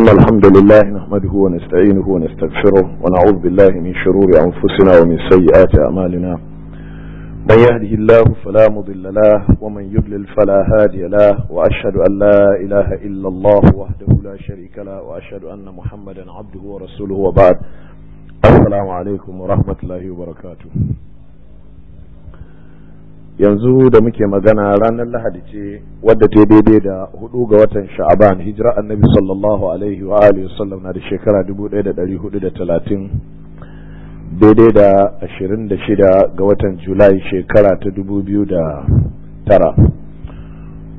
إن الحمد لله نحمده ونستعينه ونستغفره ونعوذ بالله من شرور أنفسنا ومن سيئات أعمالنا من يهده الله فلا مضل له ومن يضلل فلا هادي له وأشهد أن لا إله إلا الله وحده لا شريك له وأشهد أن محمدا عبده ورسوله وبعد السلام عليكم ورحمة الله وبركاته yanzu da muke magana ranar lahadi ce wadda ta daidai da hudu ga watan sha'aban hijira annabi sallallahu alaihi wa alihi wasallam na da shekara 1430 daidai da 26 ga watan julai shekara ta 2009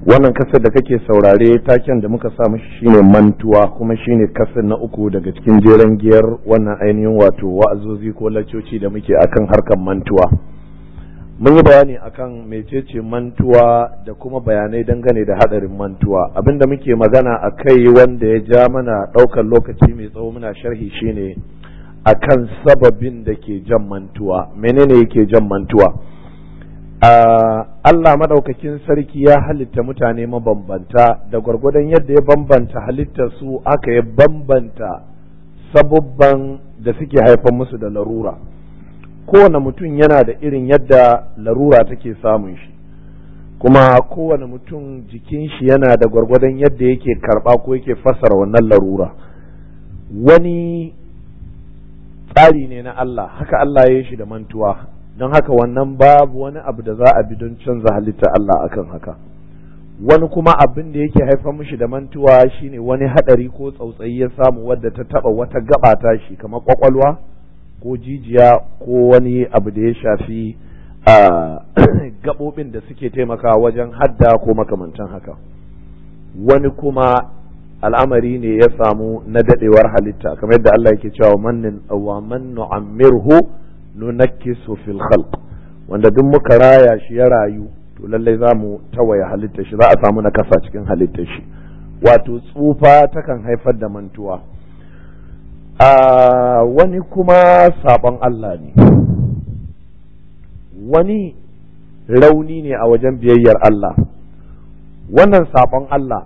wannan kasar da kake saurare taken da muka sa mashi shine mantuwa kuma shine kasar na uku daga cikin jeren giyar wannan ainihin wato wa'azozi ko lacoci da muke akan harkar mantuwa mun yi bayani akan mecece mantuwa da kuma bayanai dangane da hadarin mantuwa abinda muke magana a kai wanda ya ja mana ɗaukar lokaci mai tsawo muna sharhi shine akan sababin da ke jan mantuwa menene yake jan mantuwa Allah madaukakin sarki ya halitta mutane mabambanta da gwargwadon yadda ya bambanta halittar su aka ya bambanta sabubban da suke haifan musu da larura kowane mutum yana da irin yadda larura take samun shi kuma kowane mutum jikin shi yana da gwargwadon yadda yake karɓa ko yake fasara wannan larura wani tsari ne na Allah haka Allah ya yi shi da mantuwa don haka wannan babu wani abu da za a bi don canza halitta Allah akan haka wani kuma abin da yake haifar mushi da mantuwa shine wani hadari ko tsautsayi ya samu wadda ta taba wata gaba ta shi kamar kwakwalwa ko jijiya ko wani abu da ya shafi gaɓoɓin da suke taimakawa wajen hadda ko makamantan haka wani kuma al'amari ne ya samu na daɗewar halitta kamar yadda Allah yake cewa mannin wa man nu'ammirhu fil khalq wanda duk muka raya shi ya rayu to lallai za mu tawaye halittar shi za a samu na kasa cikin halittar shi wato tsufa takan haifar da mantuwa a wani kuma saɓon Allah ne wani rauni ne a wajen biyayyar Allah wannan saɓon Allah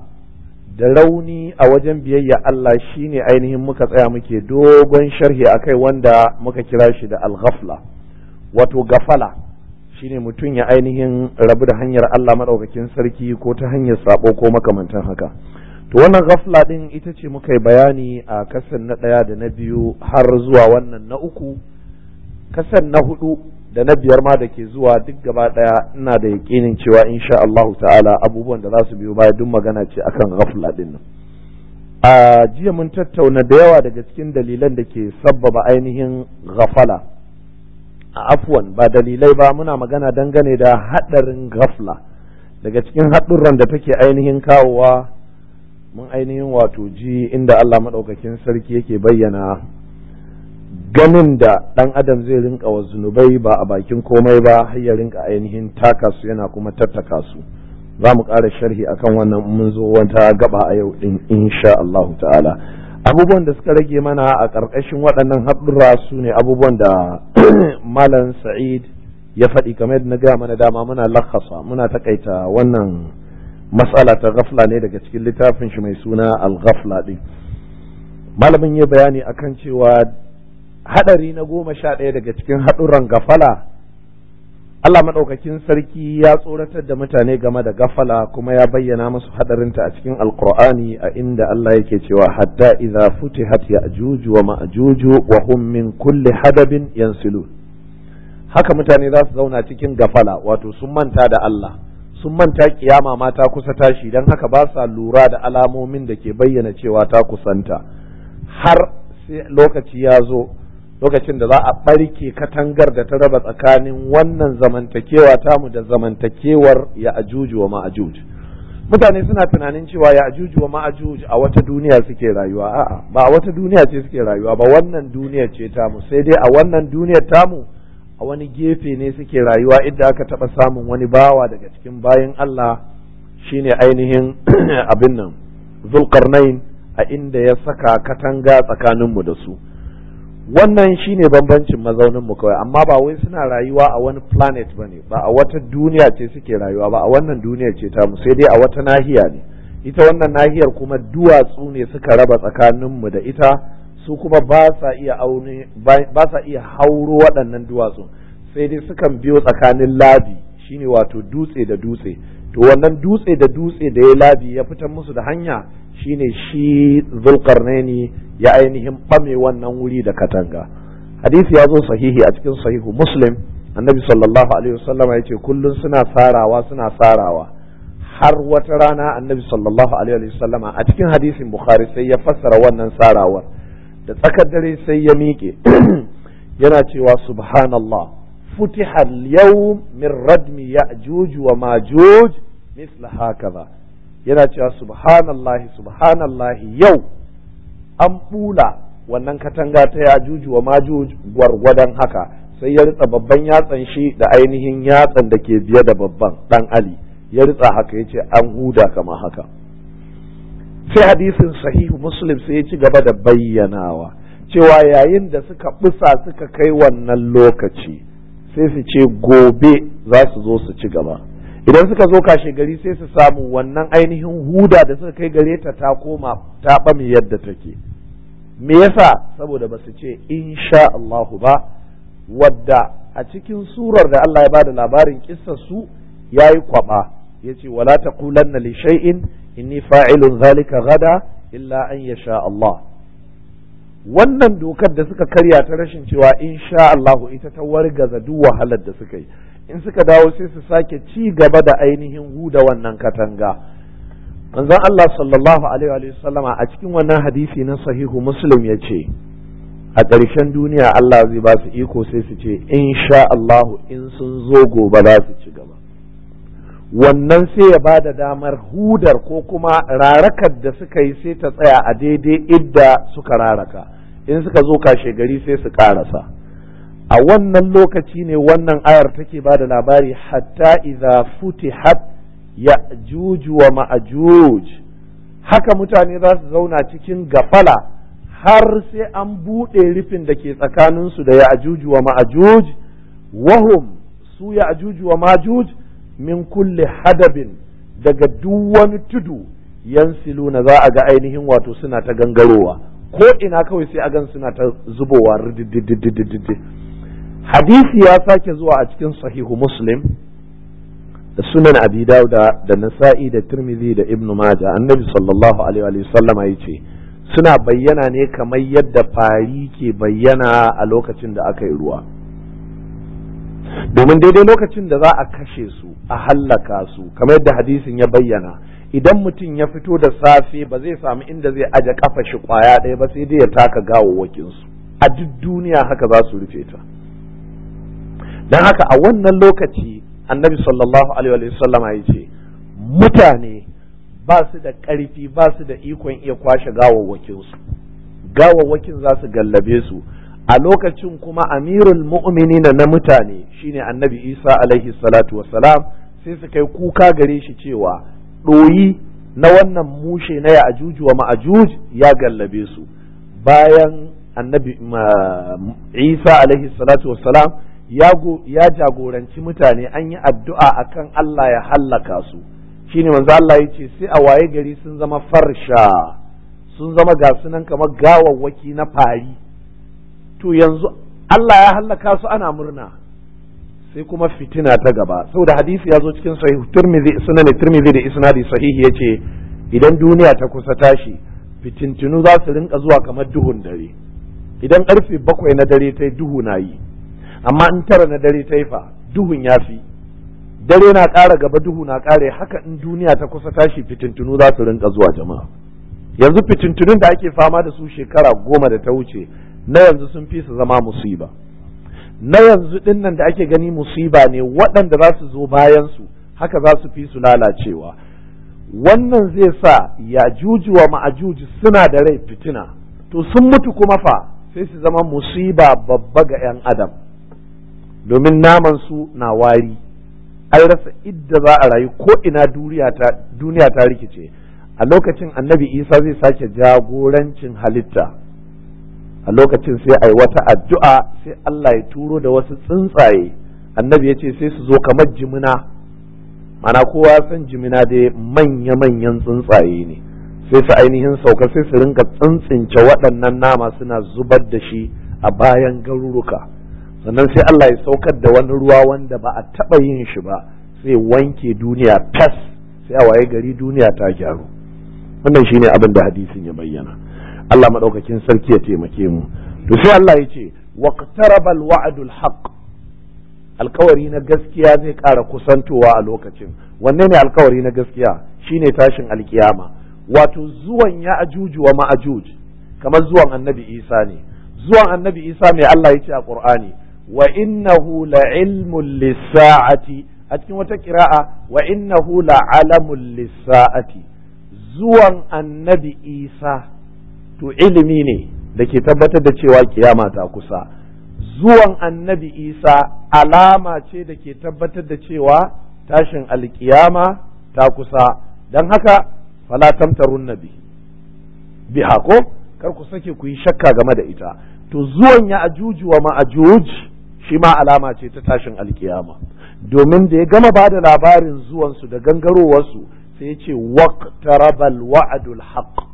da rauni a wajen biyayya Allah shine ainihin muka tsaya muke dogon sharhi a kai wanda muka kira shi da alghafla wato gafala shine mutum ya ainihin rabu da hanyar Allah maɗaukakin sarki ko ta hanyar sabo ko makamantan haka to wannan ghafla din ita ce muka yi bayani a kasan na ɗaya da na biyu har zuwa wannan na uku kasan na hudu da na biyar ma da ke zuwa duk gaba ɗaya ina da yaƙinin cewa insha Allahu ta'ala abubuwan da za su biyo baya duk magana ce akan ghafla din nan a jiya mun tattauna da yawa daga cikin dalilan da ke sabbaba ainihin ghafala a afwan ba dalilai ba muna magana dangane da haɗarin ghafla daga cikin haɗurran da take ainihin kawowa mun ainihin wato ji inda Allah maɗaukakin sarki yake bayyana ganin da ɗan adam zai rinka wa zunubai ba a bakin komai ba har ya rinka ainihin taka su yana kuma tattaka su za mu ƙara sharhi akan wannan mun zo wata gaba a yau ɗin insha Allahu ta'ala abubuwan da suka rage mana a ƙarƙashin waɗannan haɗurra su ne abubuwan da malam sa'id ya faɗi kamar yadda na gaya mana dama muna lakasa muna taƙaita wannan matsala ta gafla ne daga cikin littafin shi mai suna al-ghafla din malamin ya bayani akan cewa hadari na goma sha ɗaya daga cikin haɗuran gafala Allah maɗaukakin sarki ya tsoratar da mutane game da gafala kuma ya bayyana musu haɗarinta a cikin alkur'ani a inda Allah yake cewa hatta idza futihat ya'juj wa ma'juj wa hum min kulli hadabin yansilun haka mutane za su zauna cikin gafala wato sun manta da Allah sun manta kiyama ma ta kusa tashi don haka ba sa lura da alamomin da ke bayyana cewa ta kusanta har lokaci ya zo lokacin da za a ɓarke katangar da ta raba tsakanin wannan zamantakewa tamu da zamantakewar ya ajuju wa ma'ajuj mutane suna tunanin cewa ya ajuju wa ma'ajuj a wata duniya suke rayuwa a'a ba a wata duniya ce suke rayuwa ba wannan duniya ce tamu sai dai a wannan duniyar tamu a wani gefe ne suke rayuwa idan aka taɓa samun wani bawa daga cikin bayan Allah shine ainihin abin nan zulkarnain a inda ya saka katanga tsakaninmu da su wannan shine bambancin mazauninmu kawai amma ba wai suna rayuwa a wani planet ba ne ba a wata duniya ce suke rayuwa ba a wannan duniya ce tamu sai dai a wata nahiya ne ita wannan nahiyar kuma duwatsu ne suka raba tsakaninmu da ita su kuma ba sa iya aune ba sa iya hauro waɗannan duwatsu sai dai sukan biyo tsakanin labi shine wato dutse da dutse to wannan dutse da dutse da ya labi ya fitar musu da hanya shine shi zulkarnaini ya ainihin ɓame wannan wuri da katanga hadisi ya zo sahihi a cikin sahihu muslim annabi sallallahu alaihi wasallam ya ce kullum suna sarawa suna sarawa har wata rana annabi sallallahu alaihi wasallam a cikin hadisin bukhari sai ya fassara wannan sarawar da tsakar dare sai ya miƙe yana cewa subhanallah futiha al-yawm min radmi ya'juj wa majuj misla hakaza yana cewa subhanallah subhanallah yau an bula wannan katanga ta ya'juj wa majuj gwargwadon haka sai ya ritsa babban yatsan shi da ainihin yatsan da ke biye da babban dan ali ya ritsa haka yace an huda kamar haka sai hadisin sahihu muslim sai ya ci gaba da bayyanawa cewa yayin da suka bisa suka kai wannan lokaci sai su ce gobe za su zo su ci gaba idan suka zo kashe gari sai su samu wannan ainihin huda da suka kai gare ta ta koma ta ɓame yadda take me yasa saboda ba su ce insha Allahu ba wadda a cikin surar da Allah ya bada labarin kissa su yayi kwaba yace wala taqulanna li shay'in inni fa'ilun zalika gada illa an yasha Allah wannan dokar da suka karya ta rashin cewa insha ita ta wargaza duk wahalar da suka yi in suka dawo sai su sake ci gaba da ainihin huda wannan katanga manzon Allah sallallahu alaihi sallama a cikin wannan hadisi na sahihu muslim ya ce a ƙarshen duniya Allah zai ba su iko sai su ce insha allahu in sun zo gobe za su ci gaba wannan sai ya ba da damar hudar ko kuma rarakar da suka yi sai ta tsaya a daidai idda suka raraka in suka zo kashe gari sai su karasa a wannan lokaci ne wannan ayar take ba da labari hatta idza futihat ya'juj wa ma'juj haka mutane za su zauna cikin gafala har sai an buɗe rufin da ke tsakaninsu da ya'juj wa ma'juj wahum su ya'juj wa ma'juj min kulle hadabin daga duk wani tudu siluna za a ga ainihin wato suna ta gangarowa ko ina kawai sai a gan suna ta zubowa hadisi ya sake zuwa a cikin sahihu muslim da sunan abi dauda da nasa'i da tirmidhi da ibnu maja annabi sallallahu alaihi wa sallama yace suna bayyana ne kamar yadda fari ke bayyana a lokacin da aka yi ruwa domin daidai lokacin da za a kashe su a hallaka su kamar yadda hadisin ya bayyana idan mutum ya fito da safe ba zai samu inda zai aje kafa shi kwaya ɗaya ba sai dai ya taka gawawwakin su a duk duniya haka za su rufe ta dan haka a wannan lokaci annabi sallallahu alaihi wa sallam ya ce mutane ba su da ƙarfi ba su da ikon iya kwashe gawawwakin su gawawwakin za su gallabe su a lokacin kuma amirul mu'minina na mutane shine annabi isa alaihi salatu salam sai su kai kuka gare shi cewa ɗoyi na wannan mushe na ya ajuju wa ma'ajuj ya gallabe su bayan annabi isa alaihi salatu salam ya jagoranci mutane an yi addu'a akan Allah ya hallaka su shine manzo Allah ya sai a waye gari sun zama farsha sun zama gasu nan kamar gawawwaki na fari to yanzu Allah ya hallaka su ana murna sai kuma fitina ta gaba saboda hadisi ya zo cikin sahih turmizi sunan turmizi da isnadi sahihi yace idan duniya ta kusa tashi fitintinu za su rinka zuwa kamar duhun dare idan karfe bakwai na dare ta duhu na yi amma in tara na dare ta fa duhun ya fi dare na ƙara gaba duhu na ƙare haka in duniya ta kusa tashi fitintunu za su rinka zuwa jama'a yanzu fitintunun da ake fama da su shekara goma da ta wuce na yanzu sun fi su zama musiba na yanzu dinnan da ake gani musiba ne waɗanda za su zo bayansu haka za su fi su lalacewa wannan zai sa ya wa ma'ajuji suna da rai fitina to sun mutu kuma fa sai su zama musiba babba ga 'yan adam domin naman su na wari an rasa idda za a rayu ko ina duniya ta rikice a lokacin annabi isa zai sake jagorancin halitta a lokacin sai a yi wata addu'a sai Allah ya turo da wasu tsuntsaye annabi ya ce sai su zo kamar jimina mana kowa san jimina dai manya-manyan tsuntsaye ne sai su ainihin sauka sai su rinka tsuntsince waɗannan nama suna zubar da shi a bayan garuruka sannan sai Allah ya saukar da wani ruwa wanda ba a taɓa yin shi ba sai wanke duniya tas sai a waye gari duniya ta gyaru wannan shine abin da hadisin ya bayyana Allah maɗaukakin sarki ya taimake mu to sai Allah ya ce waqtaraba alwa'dul haqq alkawari na gaskiya zai ƙara kusantowa a lokacin wanne ne alkawari na gaskiya shine tashin alkiyama wato zuwan ya ajuju wa ma'ajuj kamar zuwan annabi isa ne zuwan annabi isa mai Allah ya ce a qur'ani wa innahu la'ilmun lis-sa'ati a cikin wata kira'a wa innahu la'alamun lis-sa'ati zuwan annabi isa to ilimi ne da ke tabbatar da cewa kiyama ta kusa zuwan annabi isa alama ce da ke tabbatar da cewa tashin alkiyama ta kusa don haka fala tamtarun nabi Bi hako, kar ku sake ku yi shakka game da ita to zuwan ya ajuju wa ajuj shi ma alama ce ta tashin alkiyama domin da ya gama ba da labarin zuwansu da gangarowarsu sai ya ce waqtarabal wa'adul haqq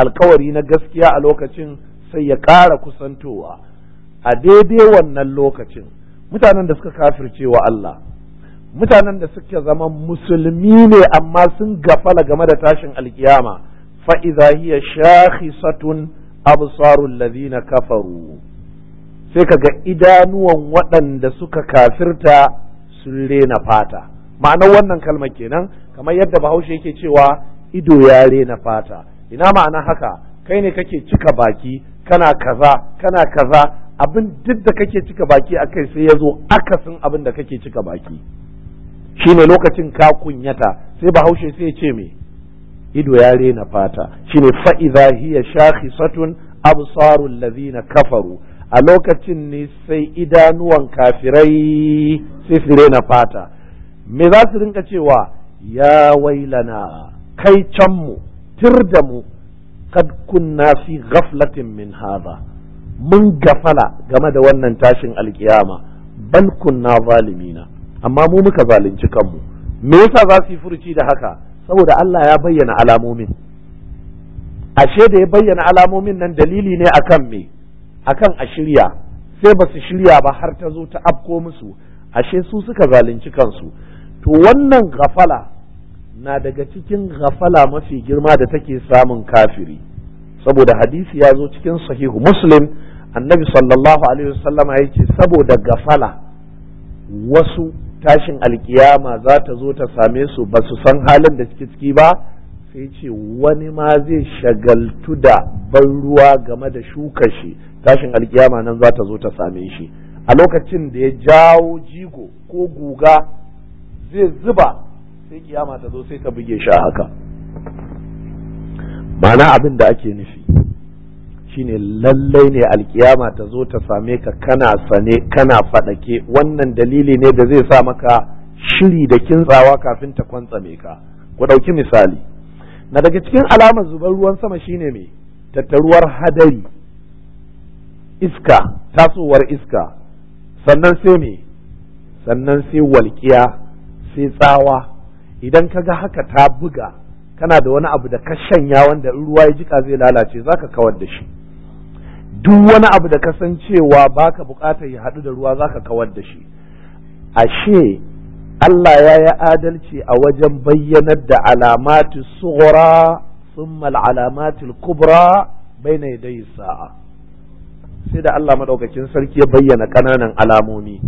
alkawari na gaskiya a lokacin sai ya ƙara kusantowa a daidai wannan lokacin mutanen da suka kafirce wa Allah mutanen da suka zama musulmi ne amma sun gafala game da tashin alkiyama fa idza hiya shakhisatun absarul ladina kafaru sai kaga idanuwan waɗanda suka kafirta sun rena fata ma'anar wannan kalma kenan kamar yadda bahaushe yake cewa ido ya rena fata ina ma'ana haka kai ne kake cika baki kana kaza kana kaza abin duk da kake cika baki akai sai ya zo akasin abin da kake cika baki shine lokacin ka kunyata sai bahaushe sai ya ce me ido ya rena fata shine fa idza hiya shakhisatun absarul na kafaru a lokacin ne sai idanuwan kafirai sai su rena fata me za su rinka cewa ya wailana kai canmu tir da mu kad kunna fi ghaflatin min hadha mun gafala game da wannan tashin alkiyama bal kunna zalimina amma mu muka zalunci kanmu me yasa za su yi furuci da haka saboda Allah ya bayyana alamomin ashe da ya bayyana alamomin nan dalili ne akan me akan a shirya sai ba su shirya ba har ta zo ta afko musu ashe su suka zalunci kansu to wannan gafala na daga cikin ghafala mafi girma da take samun kafiri saboda hadisi ya zo cikin sahihu muslim annabi sallallahu alaihi wasallama ya ce saboda ghafala wasu tashin alkiyama za ta zo ta same su ba su san halin da suke ciki ba sai ce wani ma zai shagaltu da ban ruwa game da shuka shi tashin alkiyama nan za ta zo ta same shi a lokacin da ya jawo jigo ko guga zai zuba sai kiyama ta zo sai ka buge shi haka ma'ana abin da ake nufi shine lallai ne alkiyama ta zo ta same ka kana sane kana faɗake wannan dalili ne da zai sa maka shiri da kintsawa kafin ta kwantsame ka ku ɗauki misali na daga cikin alamar zubar ruwan sama shine mai tattaruwar hadari iska tasowar iska sannan sai me sannan sai walƙiya sai tsawa idan ka ga haka ta buga kana da wani abu da ka shanya wanda in ruwa ya jika zai lalace za ka kawar da shi duk wani abu da ka san cewa ba ka bukatar ya haɗu da ruwa za ka kawar da shi ashe Allah ya yi adalci a wajen bayyanar da alamatu sughra thumma alamatu kubra baina yadayi sa'a sai da Allah maɗaukakin sarki ya bayyana ƙananan alamomi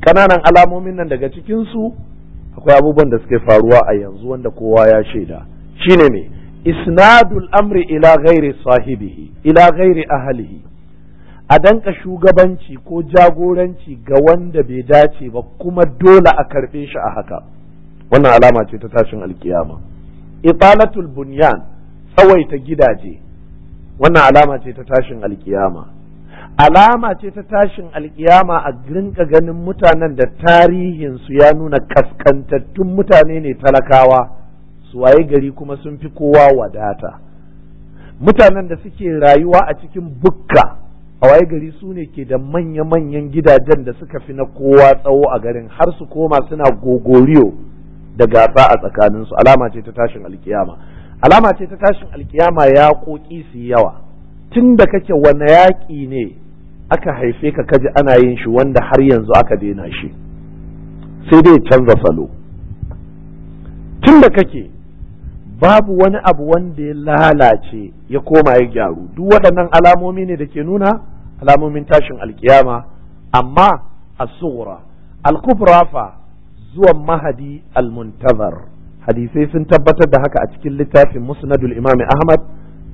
ƙananan alamomin nan daga cikinsu. akwai abubuwan da suke faruwa a yanzu wanda kowa ya shaida shine ne isnadul amri ila ghairi sahibihi ila ghairi ahlihi a danka shugabanci ko jagoranci ga wanda bai dace ba kuma dole a karbe shi a haka wannan alama ce ta tashin alkiyama italatul bunyan tsawaita gidaje wannan alama ce ta tashin alkiyama alama ce ta tashin alkiyama a rinka ganin mutanen da tarihinsu ya nuna kaskantattun mutane ne talakawa su waye gari kuma sun fi kowa wadata mutanen da suke rayuwa a cikin bukka a waye gari su ne ke da manya-manyan gidajen da suka fi na kowa tsawo a garin har su koma suna gogoriyo da gasa a tsakaninsu alama ce ta tashin alkiyama alama ce ta tashin alkiyama ya koki su yawa tun da kake wani yaƙi ne aka haife ka kaji ana yin shi wanda har yanzu aka daina shi sai dai canza salo tun da kake babu wani abu wanda ya lalace ya koma ya gyaru duk waɗannan alamomi ne da ke nuna alamomin tashin alkiyama amma a tsora alkufrafa zuwan mahadi almuntazar hadisai sun tabbatar da haka a cikin littafin musnadul imami ahmad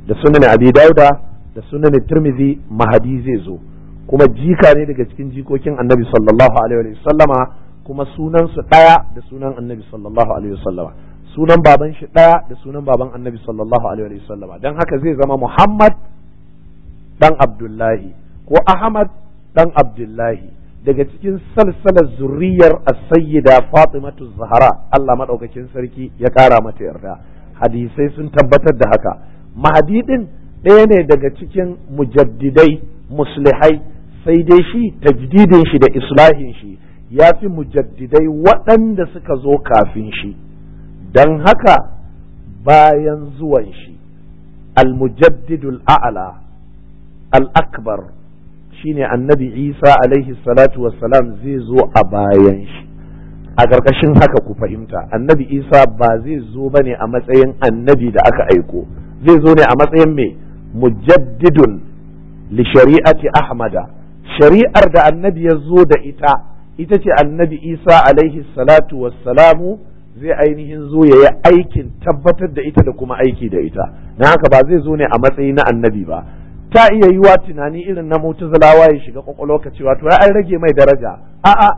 da sunan abi dauda da sunan tirmidhi mahadi zai zo kuma jika ne daga cikin jikokin annabi sallallahu alaihi wa sallama kuma sunan su daya da sunan annabi sallallahu alaihi wa sallama sunan baban shi daya da sunan baban annabi sallallahu alaihi wa sallama dan haka zai zama Muhammad dan Abdullahi ko Ahmad dan Abdullahi daga cikin salsalar zuriyar as-sayyida Fatimatu Zahra Allah madaukakin sarki ya kara mata yarda hadisai sun tabbatar da haka mahadi ɗin ɗaya ne daga cikin mujaddidai muslihai sai dai shi tajdidin shi da islahin shi ya fi mujaddidai waɗanda suka zo kafin shi don haka bayan zuwan shi almujaddidul a'la al-akbar shine annabi isa alaihi salatu wassalam zai zo a bayan shi a ƙarƙashin haka ku fahimta annabi isa ba zai zo ba ne a matsayin annabi da aka aiko zai zo ne a matsayin mai mujaddidun li shari'ati ahmada shari'ar da annabi ya zo da ita ita ce annabi isa alaihi salatu wassalamu zai ainihin zo ya yi aikin tabbatar da ita da kuma aiki da ita na haka ba zai zo ne a matsayi na annabi ba ta iya yi wa tunani irin na mutazalawa ya shiga kwakwalwa cewa to an rage mai daraja a'a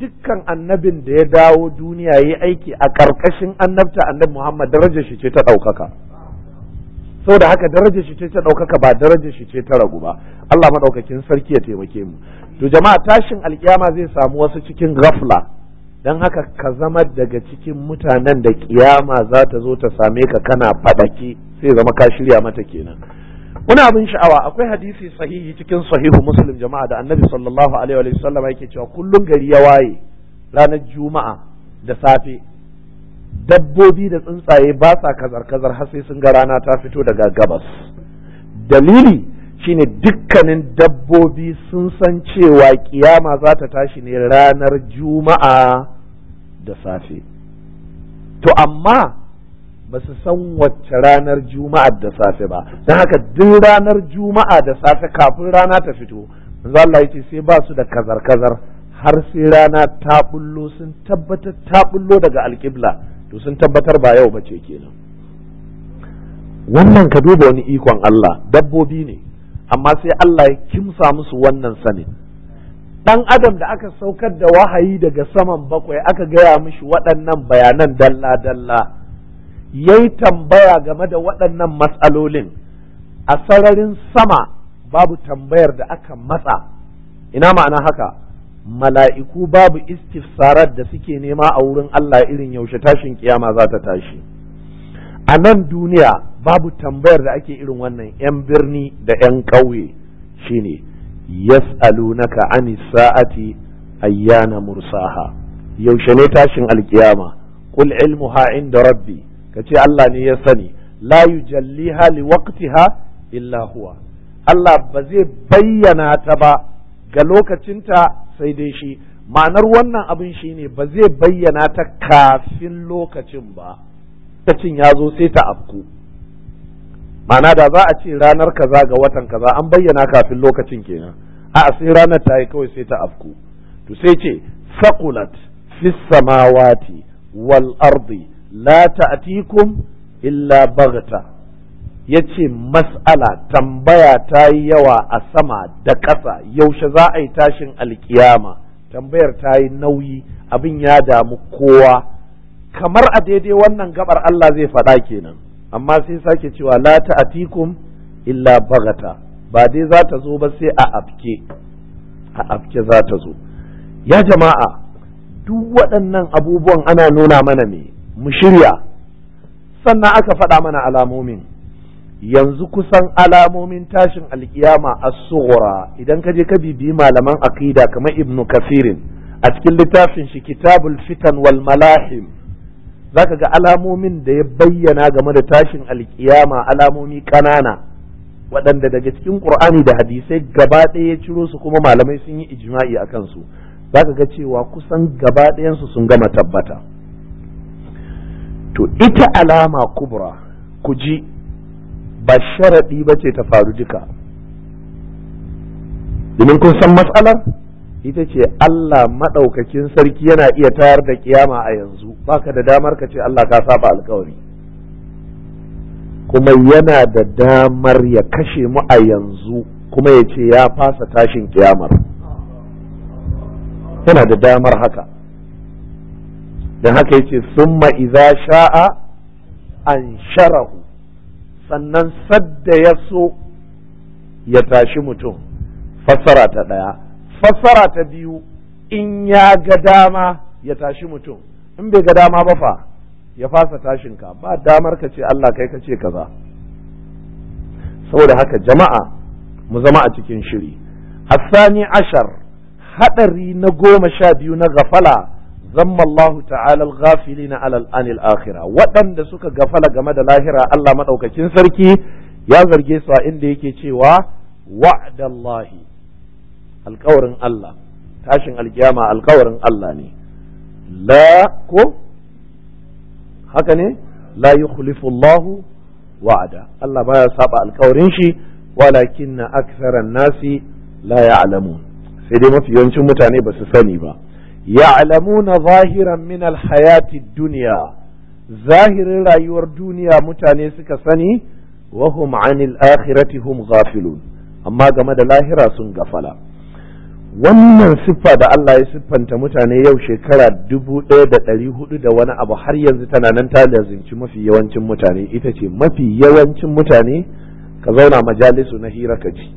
dukkan annabin da ya dawo duniya ya yi aiki a ƙarƙashin annabta annabi muhammad darajar shi ce ta ɗaukaka saboda haka darajar shi ce ta ɗaukaka ba darajar shi ce ta ragu ba Allah maɗaukakin sarki ya taimake mu to jama'a tashin alkiyama zai samu wasu cikin gafla don haka ka zama daga cikin mutanen da kiyama za ta zo ta same ka kana faɗaki, sai zama ka shirya mata kenan wani abin sha'awa akwai hadisi sahihi cikin sahihu muslim jama'a da annabi sallallahu alaihi wa sallam yake cewa kullum gari ya waye ranar juma'a da safe dabbobi da tsuntsaye ba sa kazar-kazar har sai sun ga rana ta fito daga gabas dalili shine dukkanin dabbobi sun san cewa kiyama za ta tashi ne ranar juma'a da safe to amma ba su san wacce ranar juma'a da safe ba don haka duk ranar juma'a da safe kafin rana ta fito Allah ya ce sai ba su da kazar-kazar har sai rana ta bullo sun tabbatar ta bullo daga alkibla to sun tabbatar ba yau bace kenan wannan ka duba wani ikon Allah dabbobi ne amma sai Allah ya kimsa musu wannan sanin dan adam da aka saukar da wahayi daga saman bakwai aka gaya mishi waɗannan bayanan dalla dalla yayi tambaya game da waɗannan matsalolin a sararin sama babu tambayar da aka matsa ina ma'ana haka mala'iku babu istifsarar da suke nema a wurin Allah irin yaushe tashin kiyama za ta tashi a nan duniya babu tambayar da ake irin wannan 'yan birni da 'yan ƙauye shine yas'alunaka ani sa'ati ayyana mursaha yaushe ne tashin alkiyama ilmu in da rabbi ka ce Allah ne ya sani la hali wakti ha huwa Allah ba zai bayyana ta ba ga lokacinta sai dai shi ma'anar wannan abin shi ne ba zai bayyana ta kafin lokacin ba lokacin ya zo sai ta afku ma'ana da za a ce ranar kaza ga watan kaza an bayyana kafin lokacin kenan a sai ranar ta yi kawai sai ta afku to sai ce sakulat fis samawati wal ardi la ta'tikum illa baghta ya ce mas'ala tambaya ta yi yawa a sama da ƙasa yaushe za a yi tashin alƙiyama tambayar ta yi nauyi abin ya damu kowa kamar a daidai wannan gabar Allah zai faɗa kenan amma sai sake cewa la ta'atikum illa bagata ba dai za ta zo ba sai a afke a afke za ta zo ya jama'a duk waɗannan abubuwan ana nuna mana ne mu shirya sannan aka faɗa mana alamomin yanzu kusan alamomin tashin alkiyama as-sughra idan ka je ka bibi malaman aqida kamar ibnu kafirin a cikin littafin shi kitabul fitan wal malahim zaka ga alamomin da ya bayyana game da tashin alkiyama alamomi kanana waɗanda daga cikin qur'ani da hadisai gaba ɗaya ya ciro su kuma malamai sun yi ijma'i a kansu zaka ga cewa kusan gaba ɗayansu sun gama tabbata to ita alama kubra ku ji ba sharaɗi ba ce ta faru duka domin kun san matsalar ita ce Allah maɗaukakin sarki yana iya tayar da kiyama a yanzu baka da damar ka ce Allah ka saba alkawari kuma yana da damar ya kashe mu a yanzu kuma ya ce ya fasa tashin kiyamar yana da damar haka don haka ya ce summa sha'a an sharahu sannan sadda ya so ya tashi mutum fassara ta ɗaya fassara ta biyu in ya ga dama ya tashi mutum in bai ga dama ba fa ya fasa tashinka ba damar ka ce Allah kai ka ce kaza saboda haka jama'a mu zama a cikin shiri asani ashar hadari na goma sha biyu na gafala zammallahu ta'ala al-ghafilina alal anil waɗanda suka gafala game da lahira Allah madaukakin sarki ya zarge su a inda yake cewa wa'dallahi alƙawarin Allah tashin alkiyama alƙawarin Allah ne la haka ne la yukhlifu Allahu wa'ada Allah baya saba alƙawarin shi walakinna aktharan nasi la ya'lamun sai dai mafi yawancin mutane ba su sani ba na zahiran min alhayati dunya zahirin rayuwar duniya mutane suka sani wa hum anil akhirati hum ghafilun amma game da lahira sun gafala wannan siffa da Allah ya siffanta mutane yau shekara dubu ɗaya da ɗari hudu da wani abu har yanzu tana nan ta zinci mafi yawancin mutane ita ce mafi yawancin mutane ka zauna majalisu na hira ka ji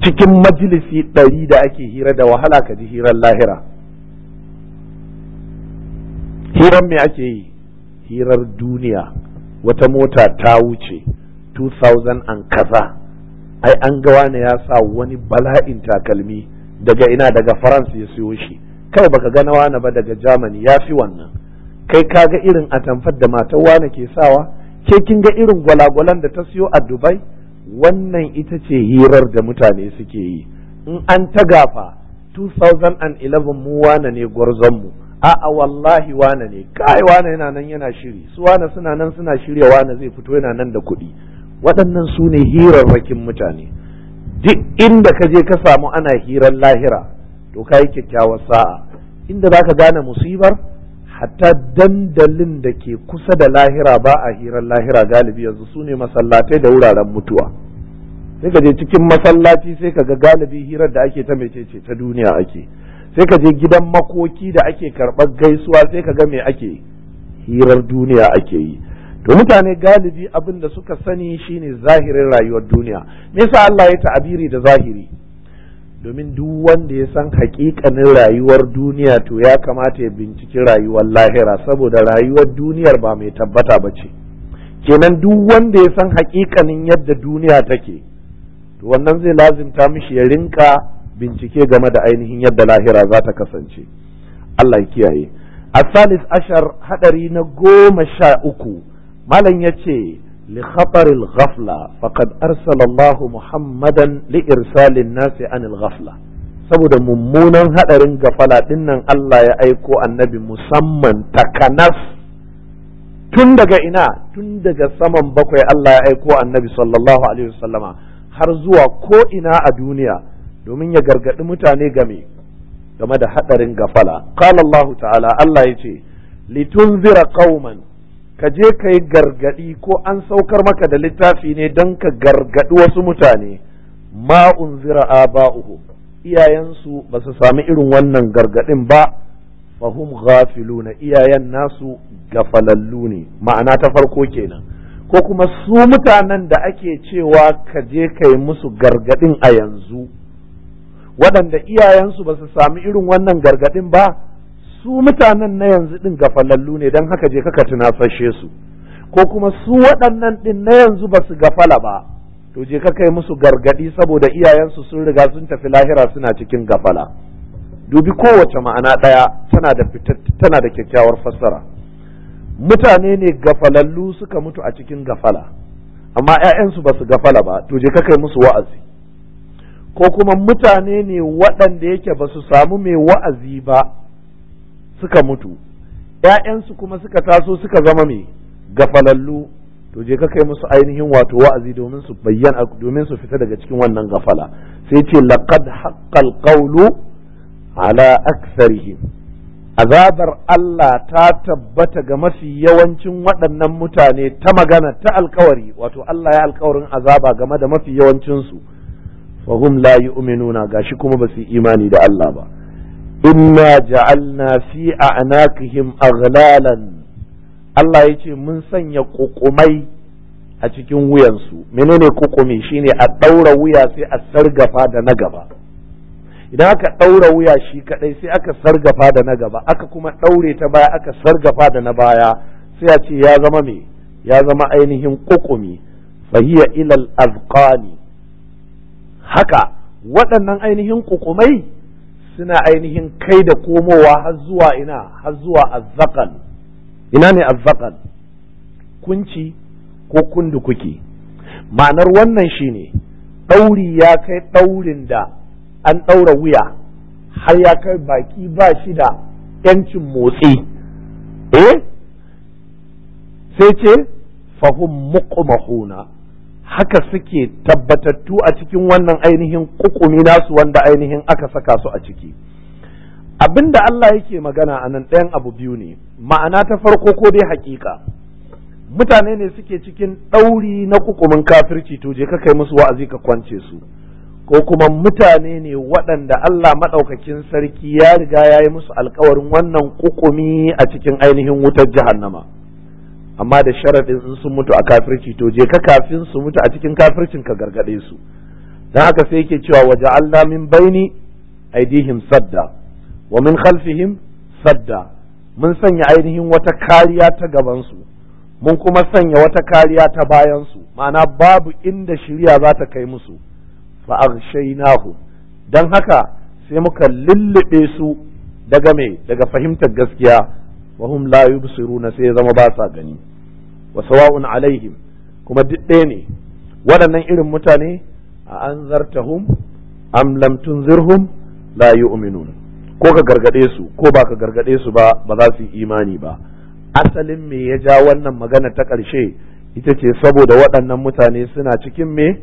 cikin majalisi ɗari da ake hira da wahala ka ji hirar lahira hirar me ake yi hirar duniya wata mota ta wuce 2000 an kaza ai an ga wani ya sa wani bala'in takalmi daga ina daga faransa ya siyo shi kai baka gana wani ba daga germany ya fi wannan kai ka ga irin atamfar da matar wani ke sawa ke kin ga irin gwalagwalan da ta siyo a dubai wannan ita ce hirar da mutane suke yi in an ta gafa 2011 mu wane ne gwarzonmu mu a'a wallahi wane ne kai wane yana nan yana shiri su wane suna nan suna shirya wane zai fito yana nan da kuɗi waɗannan su ne hirarrakin mutane duk inda ka je ka samu ana hirar lahira to ka yi kyakkyawar sa'a inda za ka gane musibar hatta dandalin da ke kusa da lahira ba a hirar lahira galibi yanzu su ne masallatai da wuraren mutuwa sai ka je cikin masallaci sai ka ga galibi hirar da ake ta mecece ta duniya ake sai ka je gidan makoki da ake karɓar gaisuwa sai ka ga me ake hirar duniya ake yi to mutane galibi abin da suka sani shine zahirin rayuwar duniya me yasa Allah ya ta'abiri da zahiri domin duk wanda ya san hakikanin rayuwar duniya to ya kamata ya binciki rayuwar lahira saboda rayuwar duniyar ba mai tabbata ba ce kenan duk wanda ya san hakikanin yadda duniya take to wannan zai lazimta mishi ya rinka bincike game da ainihin yadda lahira za ta kasance Allah ya kiyaye الثالث ashar hadari na goma sha uku malam ya ce لخطر الغفلة فقد أرسل muhammadan li irsalin الناس anil ghafla. saboda mummunan haɗarin gafala dinnan Allah ya aiko annabi musamman takanas tun daga ina tun daga saman bakwai Allah ya aiko annabi sallallahu alaihi wasallama har zuwa ko ina a duniya domin ya gargaɗi mutane game game da hadarin gafala qala Allah ta'ala Allah yace litunzira qauman ka je ka yi gargadi ko an saukar maka da littafi ne don ka gargadi wasu mutane ma unzira uku. iyayensu ba su sami irin wannan gargaɗin ba gafilu na iyayen nasu gafalallu ne ma'ana ta farko kenan ko kuma su mutanen da ake cewa ka je kai musu gargaɗin a yanzu waɗanda iyayensu ba su sami irin wannan gargaɗin ba su mutanen na yanzu ɗin gafalallu ne don haka je kaka tunasashe su ko kuma su waɗannan ɗin na yanzu ba su gafala ba to je ka kai musu gargaɗi saboda iyayensu sun riga sun tafi lahira suna cikin gafala dubi kowace ma'ana ɗaya tana da tana da kyakkyawar fassara mutane ne gafalallu suka mutu a cikin gafala amma 'ya'yansu ba su gafala ba to je ka kai musu wa'azi ko kuma mutane ne waɗanda yake ba su samu mai wa'azi ba suka mutu ‘ya'yansu kuma suka taso suka zama mai gafalallu to je ka kai musu ainihin wato wa'azi domin su bayyana domin su fita daga cikin wannan gafala sai ce laqad haqqal qawlu ala aktharihim azabar Allah ta tabbata ga mafi yawancin waɗannan mutane ta magana ta alkawari wato Allah ya alkawarin azaba game da mafi yawancinsu wa hum la gashi kuma basu yi imani da Allah ba inna ja'alna a a'naqihim aghlalan Allah ya ce mun sanya ƙuƙumai a cikin wuyansu menene kukumi shine a ɗaura wuya sai a sargafa da na gaba idan aka ɗaura wuya shi kaɗai sai aka sargafa da na gaba aka kuma ɗaure ta baya aka sargafa da na baya sai a ce ya zama me ya zama ainihin ƙuƙumi fahiya ilal azqani haka waɗannan ainihin ƙuƙumai suna ainihin kai da komowa har zuwa ina har zuwa azzakal ina ne azzakal kunci ko kundu kuke ma'anar wannan shine ɗauri ya kai ɗaurin da an ɗaura wuya har ya kai baki ba shi da ‘yancin motsi eh sai ce fahim muqmahuna haka suke tabbatattu a cikin wannan ainihin kukumi nasu wanda ainihin aka saka su a ciki abinda Allah yake magana a nan ɗayan abu biyu ne ma'ana ta farko ko dai haƙiƙa mutane ne suke cikin ɗauri na kukumin kafirci to je ka kai musu wa'azi ka kwance su ko kuma mutane ne waɗanda Allah maɗaukakin sarki ya riga ya yi musu alkawarin wannan kukumi a cikin ainihin wutar jahannama amma da sharaɗin in sun mutu a kafirci to je ka kafin su mutu a cikin kafircin ka gargaɗe su dan haka sai yake cewa waje Allah min baini aidihim sadda wa min khalfihim sadda mun sanya ainihin wata kariya ta gabansu mun kuma sanya wata kariya ta bayan su ma'ana babu inda shirya za ta kai musu fa aghshaynahu dan haka sai muka lullube su daga me daga fahimtar gaskiya wa hum la yubsiruna sai zama ba sa gani wa sawa'un alaihim kuma duk ɗaya ne waɗannan irin mutane a an zartahum am lam layu la yu'minun ko ka gargade su ko ba ka gargade su ba ba za su yi imani ba asalin me ya ja wannan magana ta ƙarshe ita ce saboda waɗannan mutane suna cikin me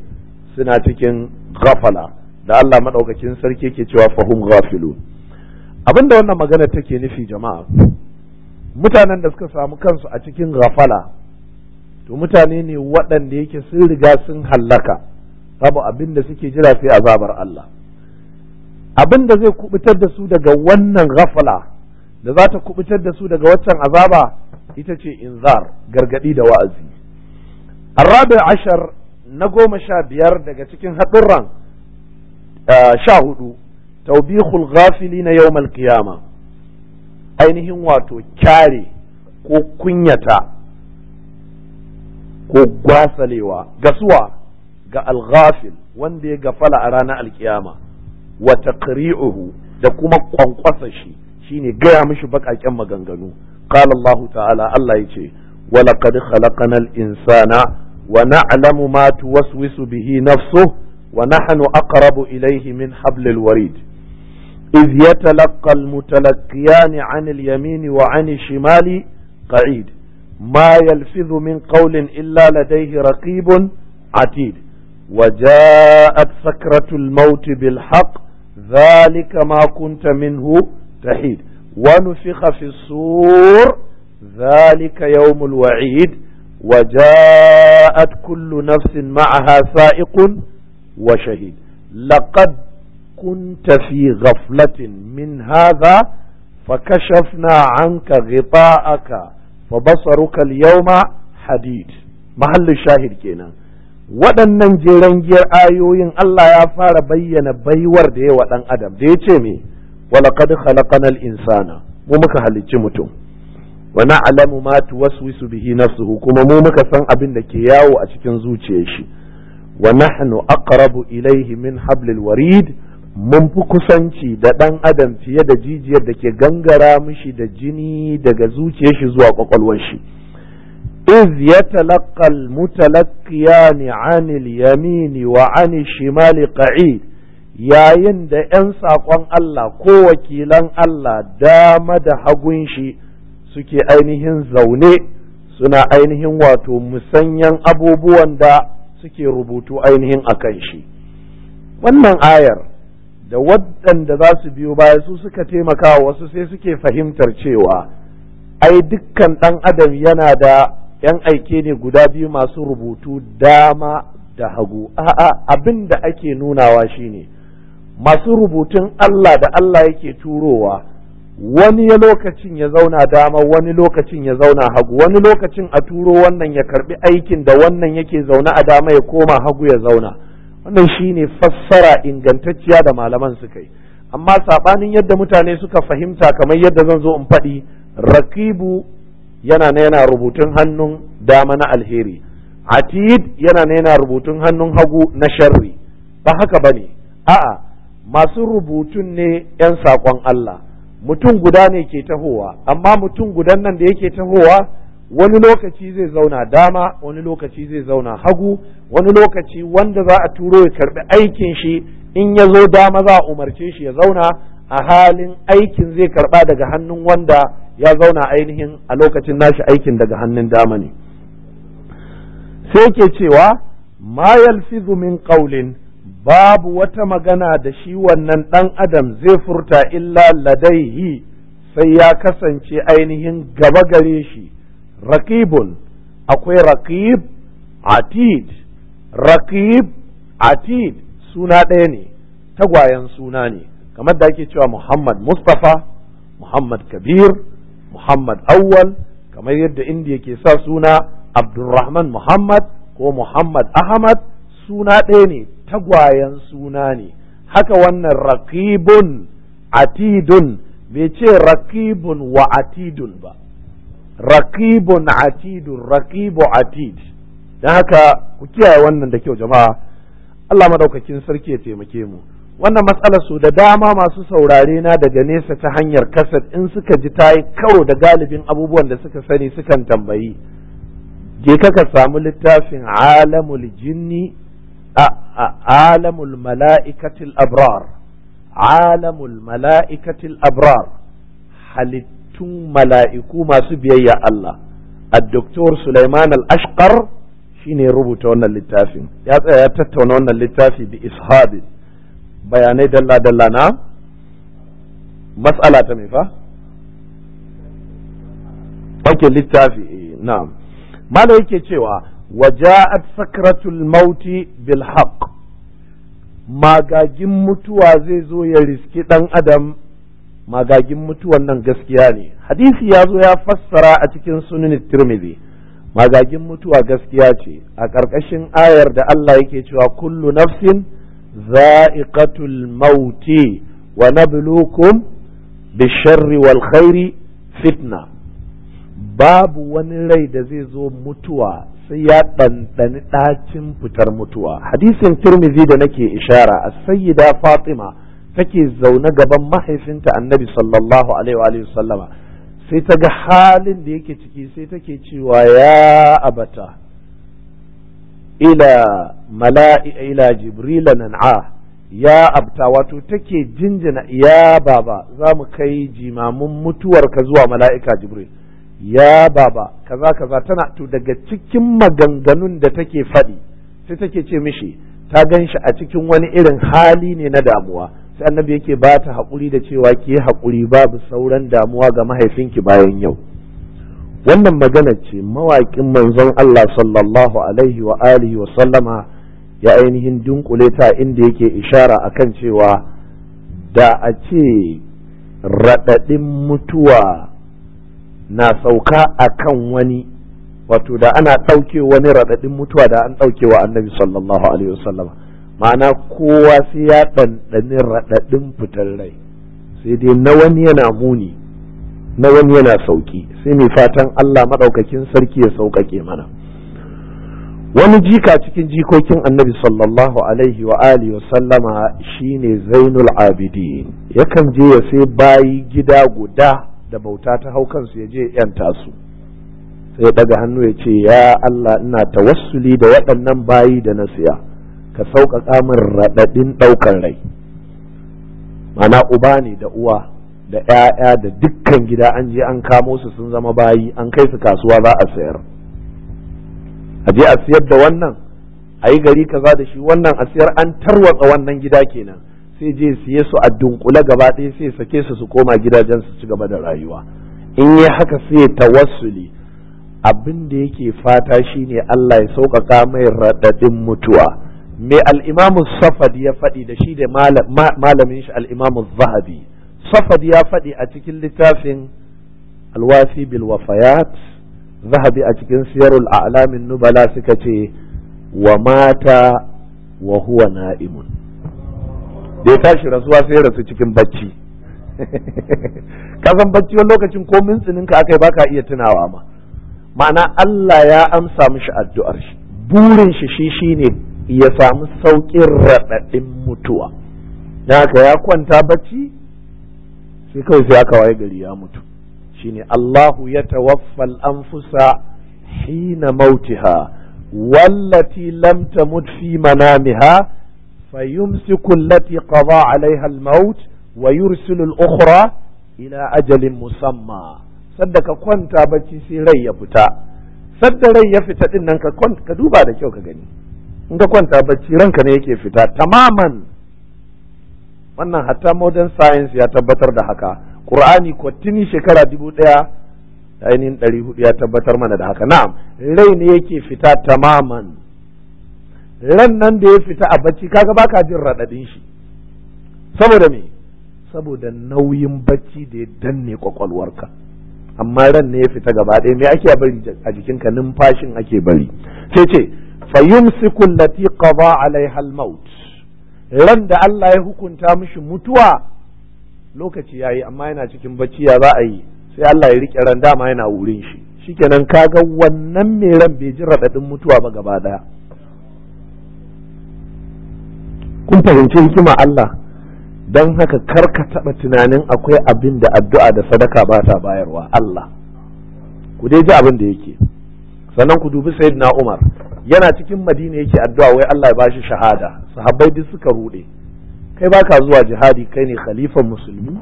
suna cikin gafala da Allah maɗaukakin sarki ke cewa fahum ghafilun abinda wannan magana take nufi jama'a mutanen da suka samu kansu a cikin rafala to mutane ne waɗanda yake sun riga sun hallaka babu abin da suke jira sai azabar Allah abin da zai kubutar da su daga wannan rafala da za ta kubutar da su daga waccan azaba ita ce inzar gargadi da wa'azi arabi ashar na goma sha biyar daga cikin haɗurran ah, sha hudu taubihul ghafili na yawmal qiyama ainihin wato kyare ko kunyata ko gwasalewa gasuwa ga alghafil wanda ya gafala a ranar alkiyama wa taqri'uhu da kuma kwankwasa shi shine gaya mishi baƙaƙen maganganu qala Allah ta'ala Allah yace wa laqad khalaqnal insana wa na'lamu ma tuwaswisu bihi nafsuhu wa nahnu aqrabu ilayhi min hablil warid إذ يتلقى المتلقيان عن اليمين وعن الشمال قعيد ما يلفظ من قول إلا لديه رقيب عتيد وجاءت سكرة الموت بالحق ذلك ما كنت منه تحيد ونفخ في الصور ذلك يوم الوعيد وجاءت كل نفس معها سائق وشهيد لقد كنت في غفلة من هذا فكشفنا عنك غطاءك فبصرك اليوم حديد محل الشاهد كينا waɗannan jeren giyar ayoyin Allah ya fara bayyana baiwar da yawa ɗan adam da ya ce me walaqad khalaqanal insana mu muka halicci mutum wa na'lamu ma tuwaswisu bihi nafsuhu kuma mu muka san abin da ke yawo a cikin zuciyar shi wa nahnu aqrabu ilayhi min hablil warid mun fi kusanci da ɗan adam fiye da jijiyar da ke gangara mishi da jini daga zuciyar shi zuwa ƙwaƙwalwar shi iz ya talakkal ne anil yamini wa anil shimali ƙa'i yayin da 'yan saƙon Allah ko wakilan Allah dama da hagun shi suke ainihin zaune suna ainihin wato musanyan abubuwan da suke rubutu ainihin a kan shi wannan ayar da waɗanda za su biyo baya su suka taimaka wasu sai suke fahimtar cewa ai dukkan ɗan adam yana da ‘yan aike ne guda biyu masu rubutu dama da hagu a'a abin da ake nunawa shine masu rubutun Allah da Allah yake turowa wani ya lokacin ya zauna dama wani lokacin ya zauna hagu wani lokacin a turo wannan ya karbi aikin da wannan yake zaune a dama ya koma hagu ya zauna wannan shine fassara ingantacciya da malaman suka yi amma saɓanin yadda mutane suka fahimta kamar yadda zan zo in faɗi rakibu yana na yana rubutun hannun dama na alheri atid yana na yana rubutun hannun hagu na sharri ba haka ba ne a'a masu rubutun ne 'yan saƙon Allah mutum guda ne ke tahowa amma mutum gudan nan da yake tahowa wani lokaci zai zauna dama wani lokaci zai zauna hagu wani lokaci wanda za a turo ya karbi aikin shi in ya zo dama za a umarce shi ya zauna a halin aikin zai karba daga hannun wanda ya zauna ainihin a lokacin nashi aikin daga hannun dama ne sai ke cewa mayal yalfizu min qawlin babu wata magana da shi wannan dan adam zai furta illa ladaihi sai ya kasance ainihin gaba gare shi raqibun akwai raqib atid raqib atid suna ɗaya ne tagwayen suna ne kamar da ake cewa Muhammad Mustapha Muhammad Kabir Muhammad Awwal kamar yadda indiya ke sa suna Abdulrahman Muhammad ko Muhammad Ahmad suna ɗaya ne tagwayen suna ne haka wannan raqibun atidun bai ce raqibun wa atidun ba raqibun atidun raqibu atid dan haka ku kiyaye wannan da kyau jama'a Allah madaukakin sarki ya taimake mu wannan matsalar su da dama masu saurare na daga nesa ta hanyar kasat in suka ji tayi karo da galibin abubuwan da suka sani sukan tambayi je ka samu littafin alamul jinni a alamul mala'ikatil abrar alamul mala'ikatil abrar halitta fitattun mala'iku masu biyayya Allah addoktor Sulaiman al-Ashqar ne rubuta wannan littafin ya tsaya ya tattauna wannan littafi bi ishabi bayanai dalla dalla na mas'ala ta mai fa ake littafi eh, na'am malai yake cewa waja'at sakratul mauti bil haqq magagin mutuwa zai zo ya riski ɗan adam magagin mutuwan nan gaskiya ne hadisi ya zo ya fassara a cikin sunan tirmidhi magagin mutuwa gaskiya ce a ƙarƙashin ayar da Allah yake cewa kullu nafsin za'iqatul mauti wa nabluukum bisharri wal khairi fitna babu wani rai da zai zo mutuwa sai ya ɗanɗani ɗacin fitar mutuwa hadisin tirmidhi da nake ishara a sayyida fatima take zaune gaban mahaifinta annabi sallallahu alaihi wa sallama sai ta ga halin da yake ciki sai take cewa ya abata ila mala'i ila jibril nan'a ya abta wato take jinjina ya baba za mu kai jimamin mutuwarka zuwa mala'ika jibril ya baba kaza kaza tana to daga cikin maganganun da take faɗi sai take ce mishi ta ganshi a cikin wani irin hali ne na damuwa sai annabi yake ba ta haƙuri da cewa ki yi haƙuri babu sauran damuwa ga mahaifinki bayan yau wannan magana ce mawaƙin manzon Allah sallallahu alaihi wa alihi wa sallama ya ainihin dunkule ta inda yake ishara akan cewa da a ce raɗaɗin mutuwa na sauka akan wani wato da ana ɗauke wani raɗaɗin mutuwa da an ɗauke wa annabi sallallahu alaihi wa sallama ma'ana kowa sai ya ɗanɗani raɗaɗin fitar rai sai dai na wani yana muni na wani yana sauki sai mai fatan Allah maɗaukakin sarki ya sauƙaƙe mana wani jika cikin jikokin annabi sallallahu alaihi wa alihi wa sallama shine zainul Abidi, yakan je ya sai bayi gida guda da bauta ta hau kansu ya je yanta su sai ya ɗaga hannu ya ce ya Allah ina tawassuli da waɗannan bayi da na siya ka sauƙaƙa min raɗaɗin ɗaukar rai mana uba ne da uwa da ‘ya'ya da dukkan gida an je an kamo su sun zama bayi an kai su kasuwa za a sayar a je a siyar da wannan a yi gari kaza da shi wannan a siyar an tarwatsa wannan gida kenan sai je siye su a dunkule gaba ɗaya sai sake su su koma gidajen su ci gaba da rayuwa in yi haka sai tawassuli abinda da yake fata shine Allah ya sauƙaƙa mai raɗaɗin mutuwa mai al'imamu safad ya faɗi da shi da malamin shi al'imamu zahabi safad ya faɗi a cikin littafin alwafi bilwafayat, zahabi a cikin siyarul a'lamin nubala suka ce wa mata wa huwa na'imun da ya tashi rasuwa sai rasu cikin bacci kasan bacci wani lokacin ko mintsininka akai baka iya tunawa ma ma'ana Allah ya amsa mishi addu'ar shi burin shi shi ne. ya samu sauƙin raɗaɗin mutuwa na haka ya kwanta bacci sai kawai sai aka waye gari ya mutu shine Allahu ya tawaffal anfusa hina mautiha wallati lam tamut fi manamiha fayumsiku allati qada alaiha almaut wa yursilu al-ukhra ila ajalin musamma sadda ka kwanta bacci sai rai ya fita sadda rai ya fita din nan ka duba da kyau ka gani in ka kwanta bacci ranka ne yake fita tamaman wannan hatta modern science ya tabbatar da haka qur'ani ko shekara dubu ɗaya ainihin ɗari hudu ya tabbatar mana da haka na'am rai ne yake fita tamaman ran nan da ya fita a bacci kaga baka jin raɗaɗin shi saboda me saboda nauyin bacci da ya danne kwakwalwarka amma ran ne ya fita gaba ɗaya me ake bari a jikinka numfashin ake bari sai ce fa yumsiku allati qada alaiha alai maut ran da Allah ya hukunta mishi mutuwa lokaci yayi amma yana cikin bacci ya za a yi sai Allah ya rike ran dama yana wurin shi shikenan kaga wannan mai ran bai ji radadin mutuwa ba gaba daya kun fahimci hikima Allah dan haka kar ka taɓa tunanin akwai abin da addu'a da sadaka ba ta bayarwa Allah ku dai ji abin da yake sannan ku dubi sayyidina Umar yana cikin madina yake addu'a wai Allah ya bashi shahada sahabbai duk suka rude kai baka zuwa jihadi kai ne khalifan musulmi